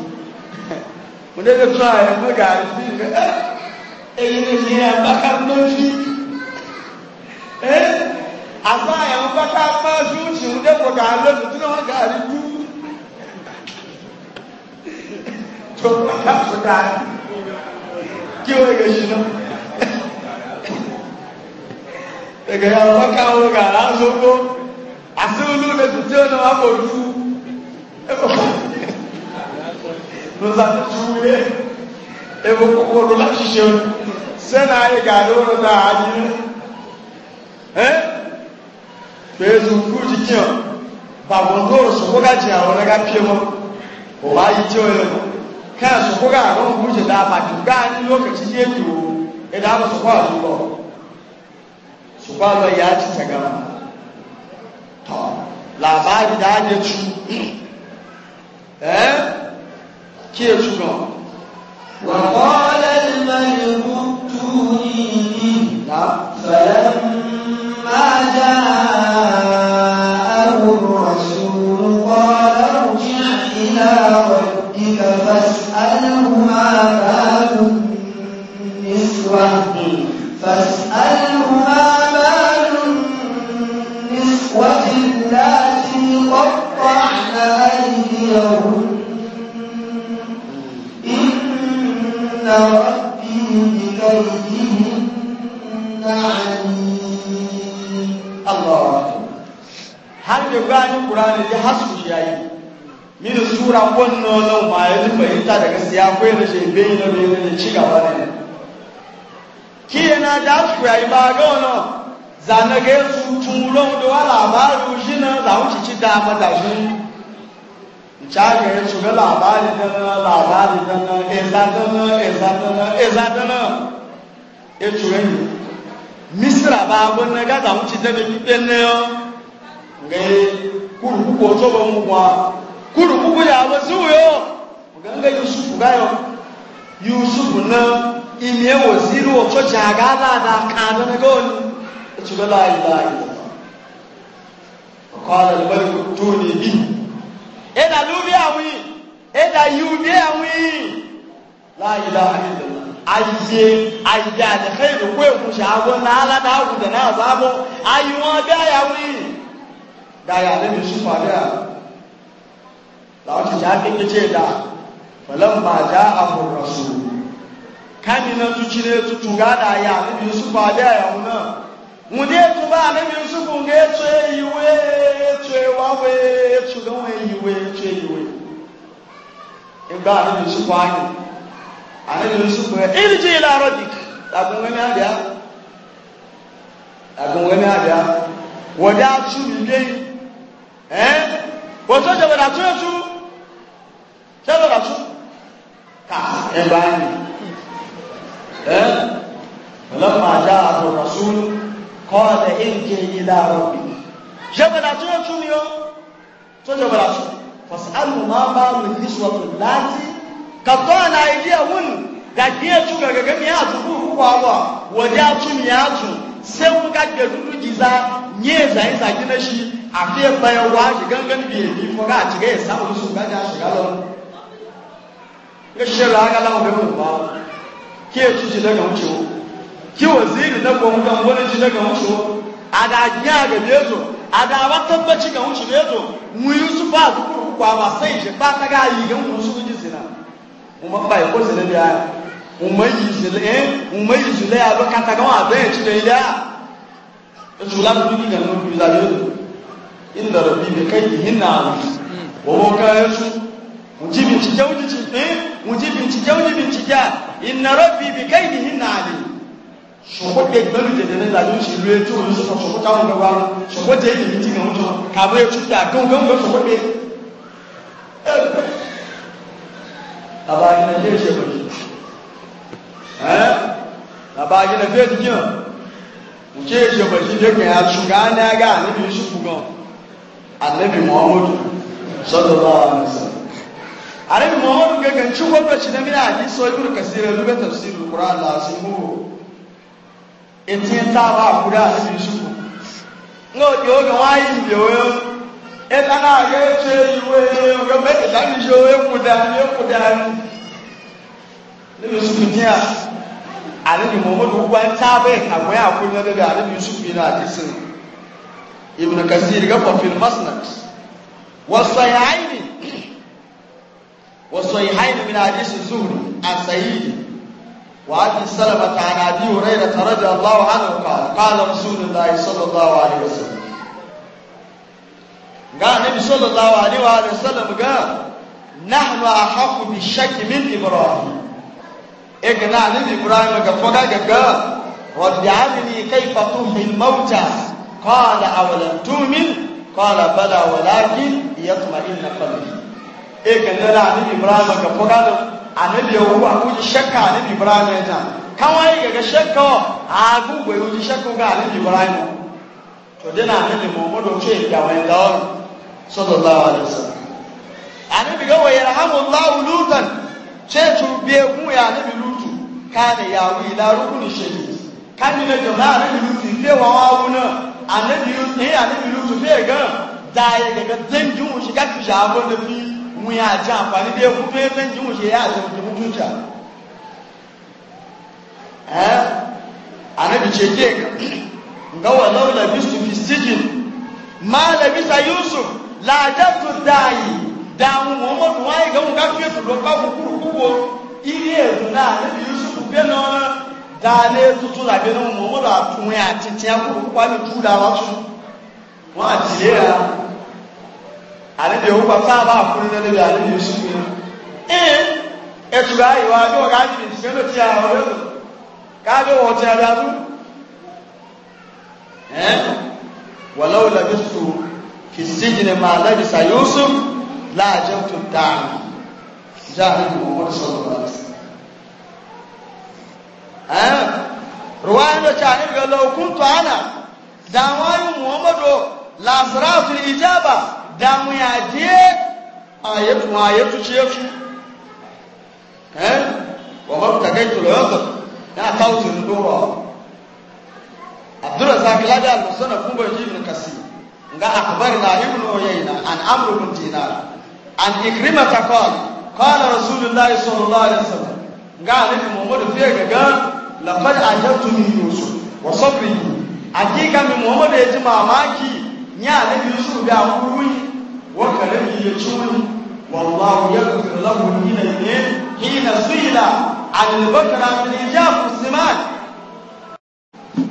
onídé tó àyè mọ́ gàrí bí ẹ ẹyin ni yẹn abaka lórí ẹ àbá àyè wọn bàtà máa fi ń tì ń dẹ́kọ̀ gàrí lórí tí wọ́n gàrí dú tó bàtà tó gàrí kí wọ́n yẹ yìí náà ẹ̀gẹ̀ yà wọ́n ká wọ́n gàrí àzọ́gbó àti olóògbé tuntun náà wà bọ̀ dú ẹ̀ bọ̀ bá nzati tuwile ewu kokoro la ṣiṣe o sẹ́nà ayé gàdé wọn da àdínú ẹ́ fèèzù kú jíjìn ọ bàbá tó sòkóga jìn àwọn ẹ̀ka píẹ́ mọ́ òwò ayé tí ó yẹ kó kẹ́ẹ̀ sòkóga àwọn òkú jẹ dáa bàtí gbá ní lókèjì yé tó ẹ̀dá àwọn sòkó àdúgbò sòkó àlọ́ yà á ti tẹ̀gà wọn tọ́ làbá àdìdá àjẹtù ẹ́ kí ẹ ṣùgbọ́n. wàhálà ìmọ̀lẹ̀ mú túnì ní fẹ̀lẹ́ máa já àwòrán ṣe. gani Qur'ani ji hasu yayi min sura wannan nan ma ya fahimta daga siya ko yana shi bai na bai ne ci gaba ne kiyana da su yayi ba ga wannan zanage su tulon da wala labaru shi na za mu ci da mata su nchaga ya su ga labari da labari da na eza da na eza da na eza da na ya e tuwe misra ba abun ga za mu ci da bai ne ngai kurukuku otoba mugwa kurukuku yabo ziwuyo muganga yusufu gayo yusufu na imie waziri oto na kanda nagoni etuga la ilaha illallah وقال الملك ائتوني به ina lubi awi ina yubi awi la ilaha illallah ayé ayé àdìfẹ́ ìlú kó gaya na yusuf da lawacin ya kike ce da falon ba ja a rasu kani na tuci ne tutu gada ya na yusuf da ya wuna wunde tu ba na yusuf ga ya tsoye yiwe tsoye wawe tsoye gawe yiwe tsoye yiwe igba na yusuf ani ane na yusuf ya irji ila rabbik lagun wani adiya lagun wani adiya wada su bi ẹ́ wọ́n tó ṣẹ̀bẹ̀dà tún ẹ̀ tún ṣẹ̀bẹ̀dà tún ká ẹ̀ bá ní ẹ́ ọlọ́pàá já àbọ̀ rasul kọ́ ẹ̀ ẹ̀ ń jẹ́ ilé láàárọ̀ bí ṣẹ̀bẹ̀dà tún ẹ̀ tún ni ó tó ṣẹ̀bẹ̀dà tún fasalu ma ba mu niswatu lati ka to na ide wun da die tu ga ga mi atu ku ku wa wa wo da tu mi atu se un àfi ẹ̀pẹ́ wa ṣìgángán bí èyí fọ́gá àtìgẹ́ ìsáwọn oṣù gájà ṣìgá lọ ṣiṣẹ́ láàgá láwọn bẹ́ẹ̀ mọ̀ bá kí èṣù ṣe lẹ́gàn ń ṣe o kí wọ́n sí ìrìn náà gbọ́n gan wọ́n ṣe lẹ́gàn ń ṣe o àdá àjíyàn àgbẹ̀bí èzò àdá àwa tẹ́gbẹ́ ṣì gàn ń ṣe èzò mú yusufu àdúgbò kọ àwọn àṣẹyìn ṣe pátákà yìí gan ń sún jì sínà mo máa bá ìkó sílẹ̀ bí i ayà mo máa yìí sílẹ̀ ẹ́ mo máa yìí sílẹ̀ alọ́ kátàkà wọn àbẹ́yẹ̀ ṣì lẹ́yìn dá inda rabbi bi kai hinna alim wa wa kayan su mu ji bincike mu ji eh mu ji bincike mu ji bincike inna rabbi bi kai hinna alim sọ̀kọ́ tẹ gbẹ́rù tẹ̀tẹ̀ ní ìlànà oṣù ìlú etí òun sọ̀kọ́ sọ̀kọ́ táwọn ọ̀gá wa sọ̀kọ́ tẹ èdè mìtì náà ń tọ́ kàwé ètò tẹ àgbọ̀ngbọ̀ngbọ̀ sọ̀kọ́ tẹ. bàbá akínà bí èsì ẹ̀kọ́ yìí bàbá akínà bí èsì yàn kò kí èsì ẹ̀kọ́ yìí lẹ́kẹ̀ẹ́ àtúgà náà gà níbi ìṣùkú gan annabi muhammadu sallallahu alaihi wasallam annabi muhammadu ga ganci gwamnati na mina hadisi wa ibnu kasir ya lube tafsirul qur'an la asimu etin ta ba kuda asimu shuku ngo yo ga wayi yo yo eta na ga ce yiwe yo ga be ta ni yo yo kuda yo kuda ni ni su kiya annabi muhammadu gwan ta bai kamar akwai na daga annabi yusuf ina hadisin ibn kasir ga fa fil masnad wa sahihaini wa sahihaini min hadith zuhri as-sahih wa abi salama ta nabi hurayra radiyallahu anhu qala qala rasulullahi sallallahu alaihi wasallam ga nabi sallallahu alaihi wa sallam ga nahnu ahqqu bi shakki min ibrahim egna nabi ibrahim ga foga ga ga rabbi amini kayfa tuhil mauta قال أولم تؤمن قال بلى ولكن ليطمئن قلبي إيه كان نرى عن إبراهيم كفقان عن اليهود أقول شك عن إبراهيم يتعلم كما يجب شك أقول ويقول شك عن إبراهيم تودينا عن محمد وشيء يوين دور صلى الله عليه وسلم عن إبراهيم ويرحم الله لوطا شيء بيكون يعني بلوط كان يعوي إلى ركن الشديد كان يجب أن يكون لوطا anabi yusuf eh anabi yusuf ne ga da ya daga dangin mu shiga ki jabo da fi mu ya ji amfani da ku fe dangin mu ya ji ku mutunta eh anabi ce ke ga walau la bisu fi sijin ma la bisa yusuf la jatu dai da mu muhammadu wai ga mu ka fi su lokka ku ku ko ile na anabi yusuf be na dáálé tuntun làbí ní mọ̀mọ́dà àtúnwé àti tíyà kúrò púpá ní tú dáwà tún wọ́n àti lé ra àlejò owó pàtó àbá àkúrú ní àlejò sí láàjẹ́ tó dáa jáde ní mọ̀mọ́dà sọ̀rọ̀ láti ruwayan da cani ga laukuntu ana da wayu muhammadu lasiratul ijaba da mu yaje a yabu a yabu ci yabu eh wa ma ta kai tulo yau na tauti ndoro abdurrazak ladi al-musana kuma ibn kasir ga akhbarna ibn uyayna an amr bin dinar an ikrimata qala qala rasulullahi sallallahu alaihi wasallam ga alifu muhammadu fiye ga laqad ajabtuni yusuf wa sabrihi hakika mi muhammadu ya ji mamaki ya nabi yusuf da kuri wa karami ya ci wani wallahu yaghfir lahu min al-nim hina suila an al ya min ijab muslimat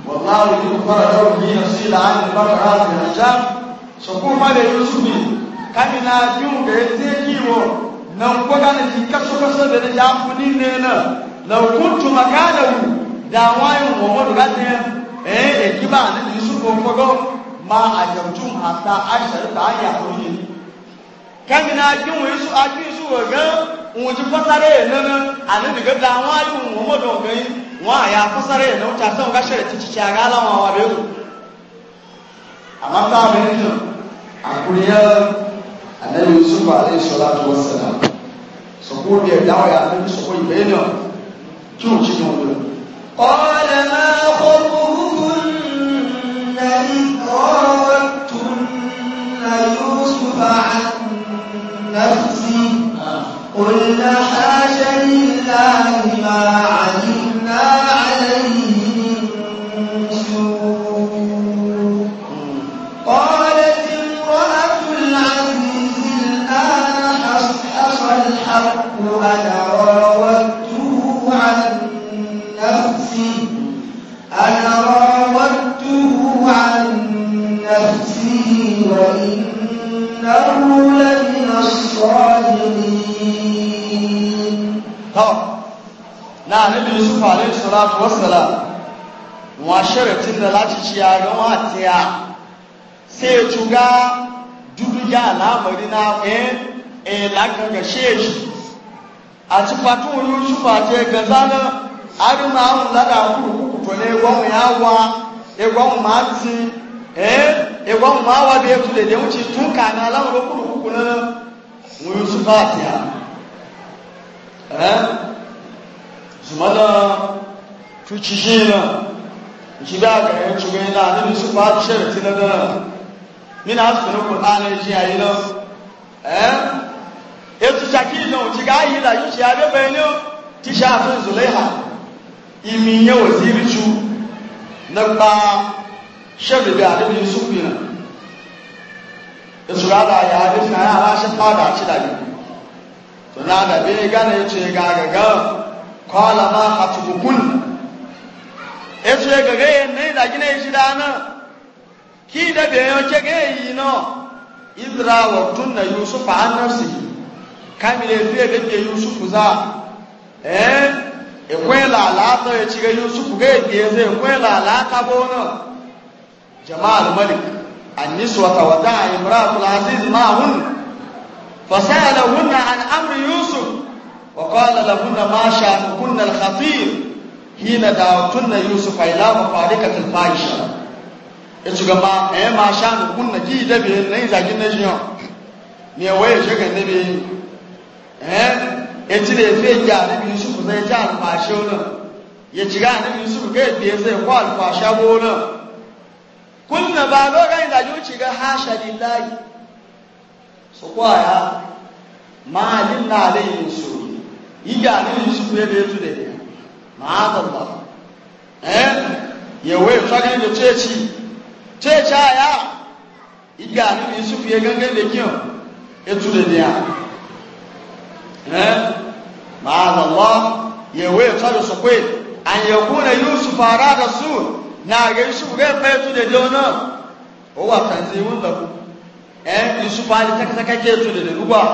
wallahu yaghfir lahu min suila an al-bakra min ijab so ko ma da yusuf kamina jun ga yace kiwo nan ko kana ki kaso da ya funi nina na law kuntu makanahu da wani muhammadu gatin eh da kiba na da yusuf ma a jamjun hasta aisha da an ya koyi kan na kin wani su a kin su ga mu ji fasare nan anan daga da wani muhammadu ga yi wa ya fasare nan ta san ga wa da yau amma ta bin a kuriyar annabi yusuf alayhi salatu wassalam قال ما خطبكن إذ راوتن يوسف عن نفسه قلنا حاجة لله ما علمنا عليه من سوء قالت امرأة العزيز الآن حصحص الحق أنا الصالحين طب نعم نبي يوسف عليه الصلاة والسلام وشرطين لاتي شيئا واتيا سيتوغا dúdúyà aláàmọ̀dínà ẹ̀ẹ́lákankan ṣéèṣì àti pàtó olóṣùpá àti ẹgbẹ̀ta náà arúgbó àwọn ládà kúrò tó ní ẹgbọ́n yà wá ẹgbọ́n máa ti ẹgbọ́n máa wá bí ẹtù lè dẹ́wọ́n ti tún kàná aláwọ̀ lókùrùkù náà ŋun su fatiha ɛn zuma na tu cici na ji bɛ a gɛrɛ cogo na ne bi su fa cɛ na ji a yi na eh? ɛn etu saki na o ti yi la yi ti a bɛ ti sa fi zuleha imi nye waziri tu na gba sɛ bebe a ne bi na ya su rada ya haɗe na ya rashin fada ci da yi to na da bai gane ya ce gagaga kwala ma hatubukun ya ce gaga yin ne da gina shi da ki da bai yau ke ga yi no izra wa tunna yusuf an nafsi kamile fiye da ke yusuf za eh ikwai lalata ya ci ga yusuf ga yadda ya zai ikwai lalata bono jama'al malik النسوة ودعا امرأة العزيز معهن فسألهن عن أمر يوسف وقال لهن ما شأنكن الخطير حين دعوتن يوسف إلى مفارقة الفاحشة إتجمع إيه ما شأنكن جي دبي نيزا جنجيون ميوي شكا نبي إيه إتجمع فيجا نبي يوسف زي جال فاشونا يتجمع نبي يوسف كيف يزي قال فاشابونا kunna ba ga inda ju ci ga hasha lillahi so kwaya ma lilla alayhi su iga ni su ne da su ne ma Allah eh yewe fagan da ceci ceci aya iga ni su fiye gangan da kiyo etu da ne eh ma Allah yewe tsare su kwai an yakuna yusuf arada su na ga yusufu ga fa su da jona o wa tanzimun da ku eh yusufu ali taka taka ke su da ruwa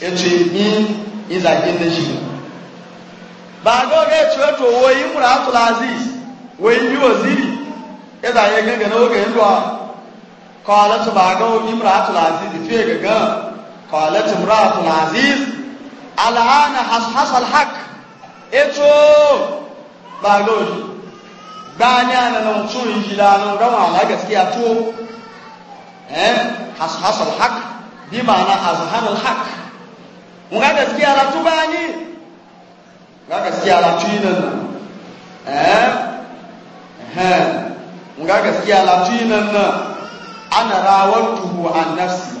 yace in in zakin da shi ba ga ga ce to woyi muratul aziz woyi yi waziri ya da ya ganga na woga yindwa qalat ba ga imratul aziz fi ga ga qalat imratul aziz al'ana hashasal haq eto bagloji gbani ana na mutum yila na gama ala gaskiya to eh hasal haq bi ma'ana azhan al haq mun ga gaskiya la tu bani ga gaskiya la tu nan eh eh mun ga gaskiya la tu nan ana rawantuhu an nafsi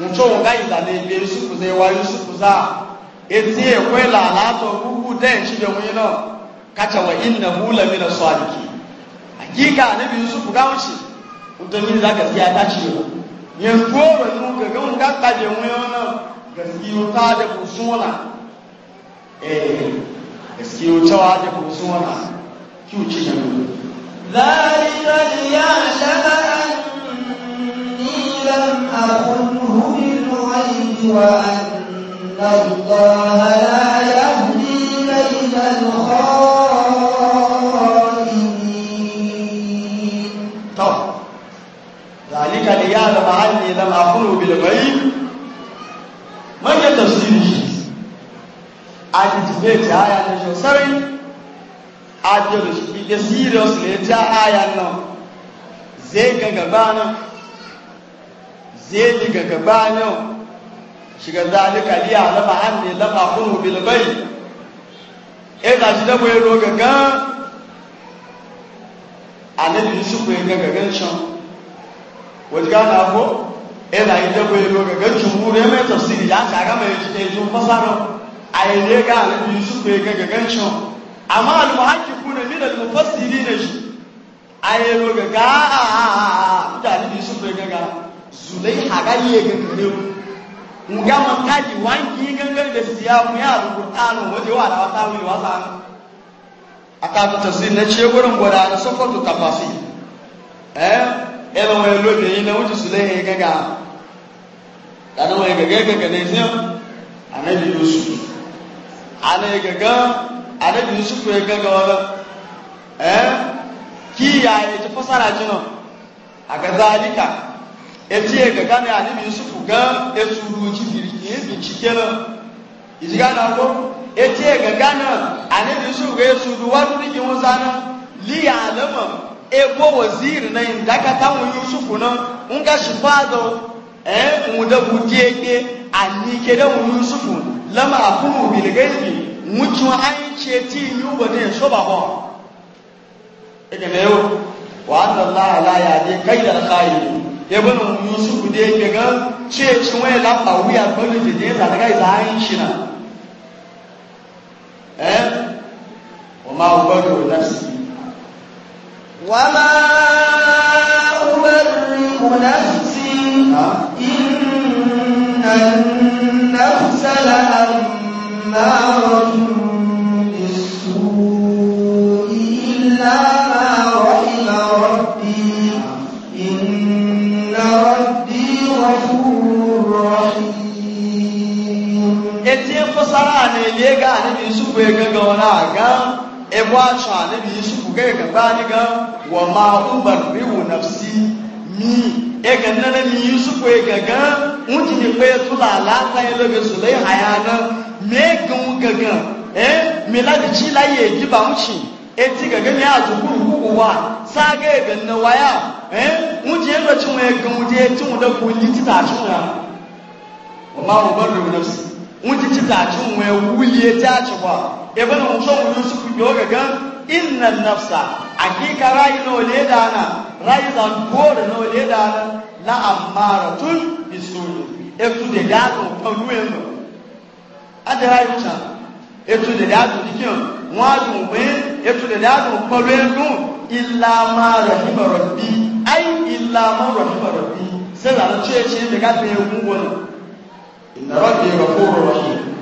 mutum ga ila ne be su ku zai wayo su ku za eti e kwela la to gugu den shi de mun yi na kace wa innahu lamina sadiqi hakika annabi yusuf ga wuce mutumin za gaskiya ta ce yanzu ba nu ga ga mun ga kaje mu yana gaskiyo ta da kusuna eh gaskiyo ta da kusuna ki uci ne ذلك ليعلم أني لم أخنه بالغيب وأن الله لا يهدي من الخاسرين alama anni lam akunu bil ghaib man ya tafsiri adi debate aya na jo sari adi lo serious le ta aya na zai ga gabana zai li ga gabana shiga zalika li alama anni lam akunu bil ghaib e da shi da boye ro gaga annabi yusuf ya ga gagan shan wajigana ko ina inda ko yego ga gancin ya mai tafsiri ya ta ga mai jike jin fasaro a yele ga alibi su ko ga ga gancin amma al muhaqqiqun min al mufassirin shi a yelo ga ga da alibi su ko ga ga zulai haga ye ga kare mu ga man kaji wanki gangan da siya mu ya alqur'anu waje wa da wata mu wasa aka tafsir na ce gurin gwada na safatu tafasir eh ẹbẹ wọn lóde yìí náà wọn ti sùn lẹyìn gẹgà dàdé wọn gẹgẹ gẹgẹ ní ẹsẹ anabi yusuf anabi gẹgẹ anabi yusuf yẹ gẹgẹ wọn lọ ẹ kí ìyá yẹ ti fọsára jù nọ àgàdá àdìkà etí yẹ gẹgẹ ní anabi yusuf gan etu ru ti fìrì kì í fi kíkẹ lọ ìdíkà náà kó etí yẹ gẹgẹ náà anabi yusuf gan etu ru wá lórí kí wọn sá náà líyà lẹmọ ebo waziri na indakata mu yusufu na nga shifado eh mu da bujege anike da mu yusufu lama akunu bil gaibi mutu an ce ti yuba ne so ba ho ege ne yo wa anna allah la yahdi kaydal khayr ebo no yusufu de ke ga ce ci wai la ba wi a bani de de za daga za an shi na eh wa ma وما أبرئ نفسي إن النفس لأمارة بالسوء إلا ما رحم ربي إن ربي غفور رحيم. Etí ń kó sára ní ilé gáà níbi ìṣúgbó egangan ọ̀la àgán ebo acha nabi yusuf ga ga bani ga wa ma ubar riu nafsi mi e ga nana mi yusuf e ga ga unji ni pe tula la la ta e lo be sulai hayana me ga ga ga eh mi la di chi la ye ji ba unchi e ti ga ga mi a zu kuru ku wa sa ga e ga na wa ya eh unji e lo chi mo e ga unji e chi mo da ku ni ti ta chu ya wa ma ubar riu nafsi unji ti ta chu mo e wuli e ti a chu wa ebe na musamman yusuf yau ga gan innan nafsa hakika rayu na wale da ana rayu zangore na wale da ana la amara tun isuru etu da yadda kwanu yanzu ada rayu ta etu da yadda jikin wajen bayan etu da yadda kwanu yanzu illa ma rahima rabbi ai illa ma rahima rabbi sai zalunce ce da gafe ya gungun inna rabbi ghafurur rahim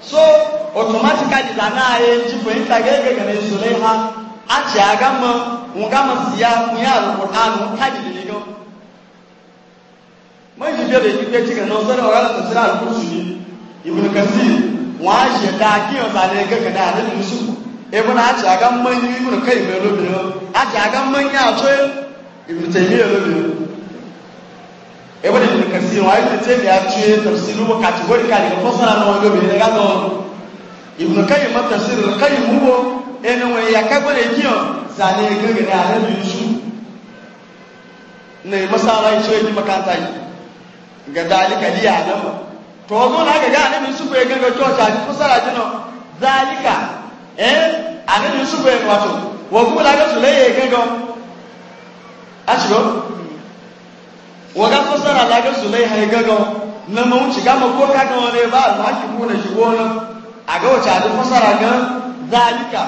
so automatically da na ye eh, jibo ita ga ga ne sole ha a ci aga mo un ga mo siya mu ya alquran un kaji ni go mo ji be de ji pe ti ga no sore ora la sira alquran ni ibn kasir wa she da ki o sa le ga ga da ni musu e bo na ci aga mo ni ibn kai me lo bi no a ci aga mo ni eh. a to ibn taymiya lo bi no ebe da ibn kasir wa yake ce da ya ce tafsiru ba categorical ga fasara na wani gobe ne ga don ibn kayyim ma tafsir al kayyim hubo ene wani ya ka gore kiyo zane ga ga da ala bi su ne masara ya ce ki makanta yi ga dalika liya nan to zo na ga ga ala bi su ko ya ga to ta ji fasara jino zalika eh ala bi su ko ya wato wa kuma la ga su ne ya ga ga a shigo waga fasara lagar su lai haigaga na mawuci gama ko ka gama ne ba alhaki ko na shigo nan a ga wace abin fasara ga zalika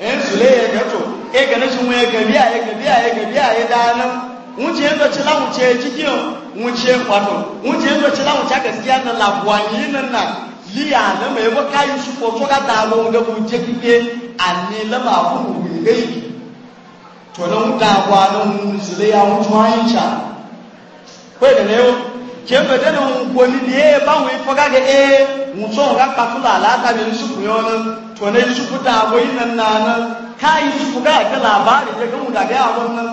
yan eh, su lai ya gato e ga na shin waya ga biya ya ga biya ya ga biya ya da nan wuce yan da cila wuce jikin wuce kwato wuce yan da cila wuce gaskiya na labuwani nan na liya na mai ba kayi su ko to ga dalo ga wuce kike anni lama ku ga yi to nan da gwanan su lai ya wuce wayin cha kwele leo kyembe tene ngwoni liye bawo ifoka ke e mutso ga patula la ta ni su kuyona to ne su kuta bo inan nana kai su kuga ga labari je ga mu da ga wannan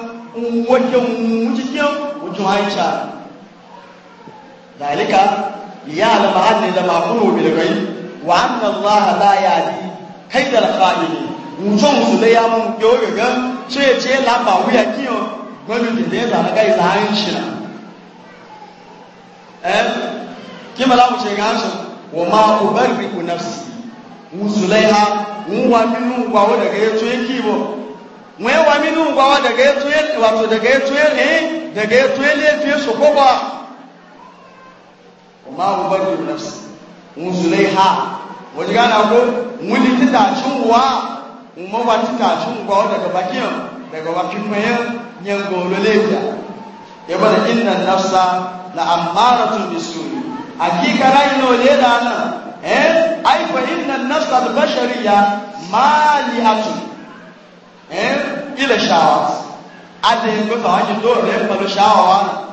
wace mu cikin wajen Aisha dalika ya alama anni da maqulu bil ghaib wa anna Allah la yadi kaida al khaili mutso mu da ya mun yo ga ce ce la ba wuya kiyo gwani da ya zama kai za shi kí bala wuce ga gansu wa ma ubarriku nafsi wuzulaiha wa minu gwawo daga ya tuye kibo wai wa minu gwawo daga ya tuye wato daga ya tuye eh daga ya tuye lefiye su ko ba wa ma ubarriku nafsi wuzulaiha wajen gana ko wuli titacin wa umarwa titacin gwawo daga bakin daga bakin mayan yan golo ya bada inna nafsa la ammaratun bisu hakika rai no le da nan eh ai fa inna an-nafs al-bashariyya mali'atun eh ila shawat ade ko ta wajin do re ko shawawa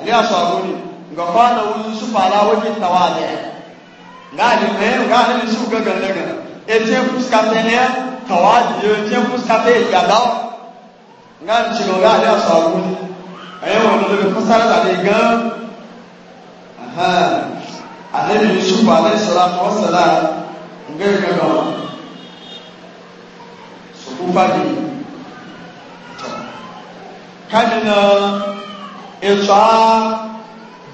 aliya sabuni ga na wani su fara wajen tawale ga ne ga ne su ga galle ga e ce fuska ta ne tawale e ce fuska ta ya ga ga ne ga aliya sabuni ẹ̀yẹ́ wọn lọ lórí fásitì àdé gan àdébí yusufu alẹ́sọ̀rọ̀ àfọwọ́sọ̀lá ǹgẹ́ ìgbẹ́gbẹ́ wọn sọ̀kú fàdé káàdì náà ètò á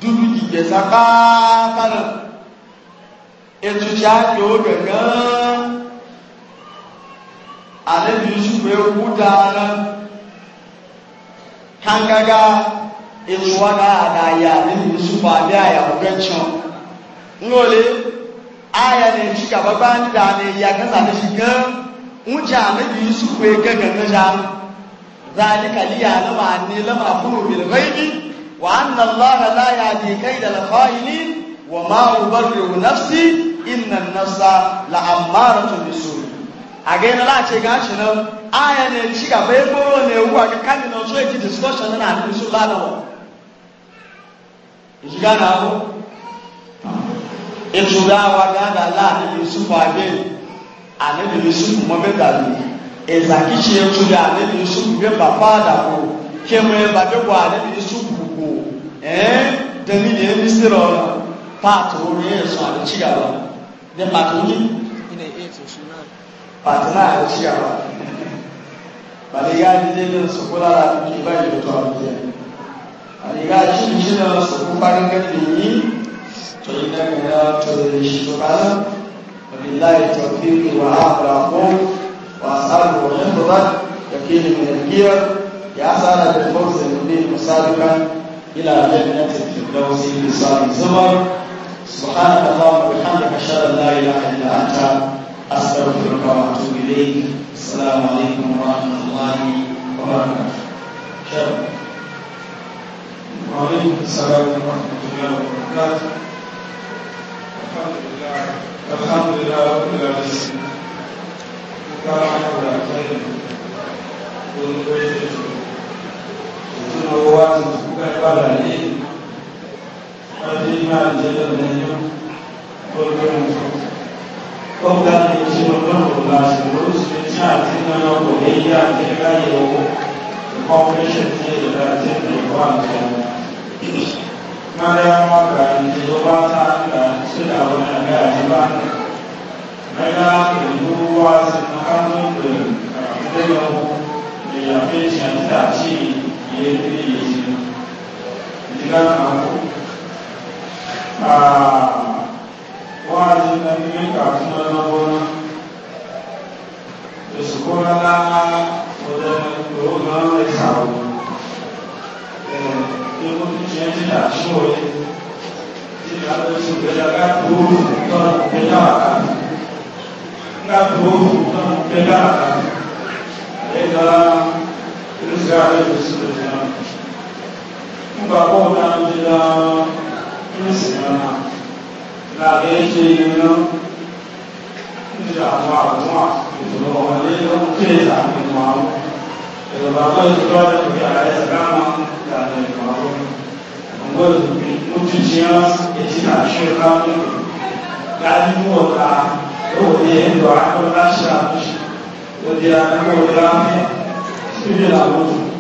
dúdú jìjẹsà pátá náà ètò tí a yọ gẹ̀gẹ́ àdébí yusufu ewu dáa kangaga ezuwaga da ya ni yusufa bi aya ogancho ngole aya ne chika baba ni da ne ya kaza ne shiga unja ne yusufu e gaga gaja zalika liya lama ni lama furu bil ghaibi wa anna allaha la yahdi kayda al khayilin wa ma ubarri'u nafsi inna an-nafsa la'ammaratun bisu' again ala ce ga shi nan aya ne ci gaba ya goro ne wuwa ga kami na discussion na hadin su lalawa ji gana abu in su dawa ga da la ne su fa be ale ne su mo be da ni e za ki ci e su da ale ne su be ba fa da ko ke mo e ba be wa ale ne su ku ko eh da ni ne mi se ro pa to ri e so ni ina e to Patina àti àwà bàlígá dídé ní sọkó lára kí báyìí ló tó àwọn jẹ bàlígá jíjí ní sọkó fárígá nìyí tó yí lẹ́nu náà tó lè ṣe tó bá lọ òbí láì yakini kí Ya wàhálà àbúrà fún wàhálà wọ̀nyẹn tó bá yàkí ní nàìjíríà yà á sára lè fọ́ sẹ́yìn ní musáàlùkà ilà àjẹmíyà ti fi أستغفرك وأتوب إليك السلام عليكم ورحمة الله وبركاته شكرا وعليكم السلام ورحمة الله وبركاته الحمد لله الحمد لله رب العالمين وكان على خير والبيت والرواد وكان عليه قد ما جل من يوم والبيت Como da gente no campo das luzes, pensar que não é o poder, a terra e o compreensão da terra e o amor. Mara waka ni o ba ta ka se da wa na ga ji ba. Mara ku ru wa se na ka mu ku ka de yo ni ya pe shan ta chi ye ni ni. Ni ga ma ku. Ah وعليك منك عشنا نبونا يشكر لها ودرنا ويسعونا يقول gente já achou ele de cada vez pegar tudo, então pegar tudo, então pegar pegar eles ganham isso mesmo. Um babão na vida, 那联系人呢，你想嘛什么？就是我们这种最产品嘛，这个把贵族抓的回来是干嘛？干的嘛？我们我之前也经常去他们，家里我他，我也很多，我他是啊，我家我家，就是那种。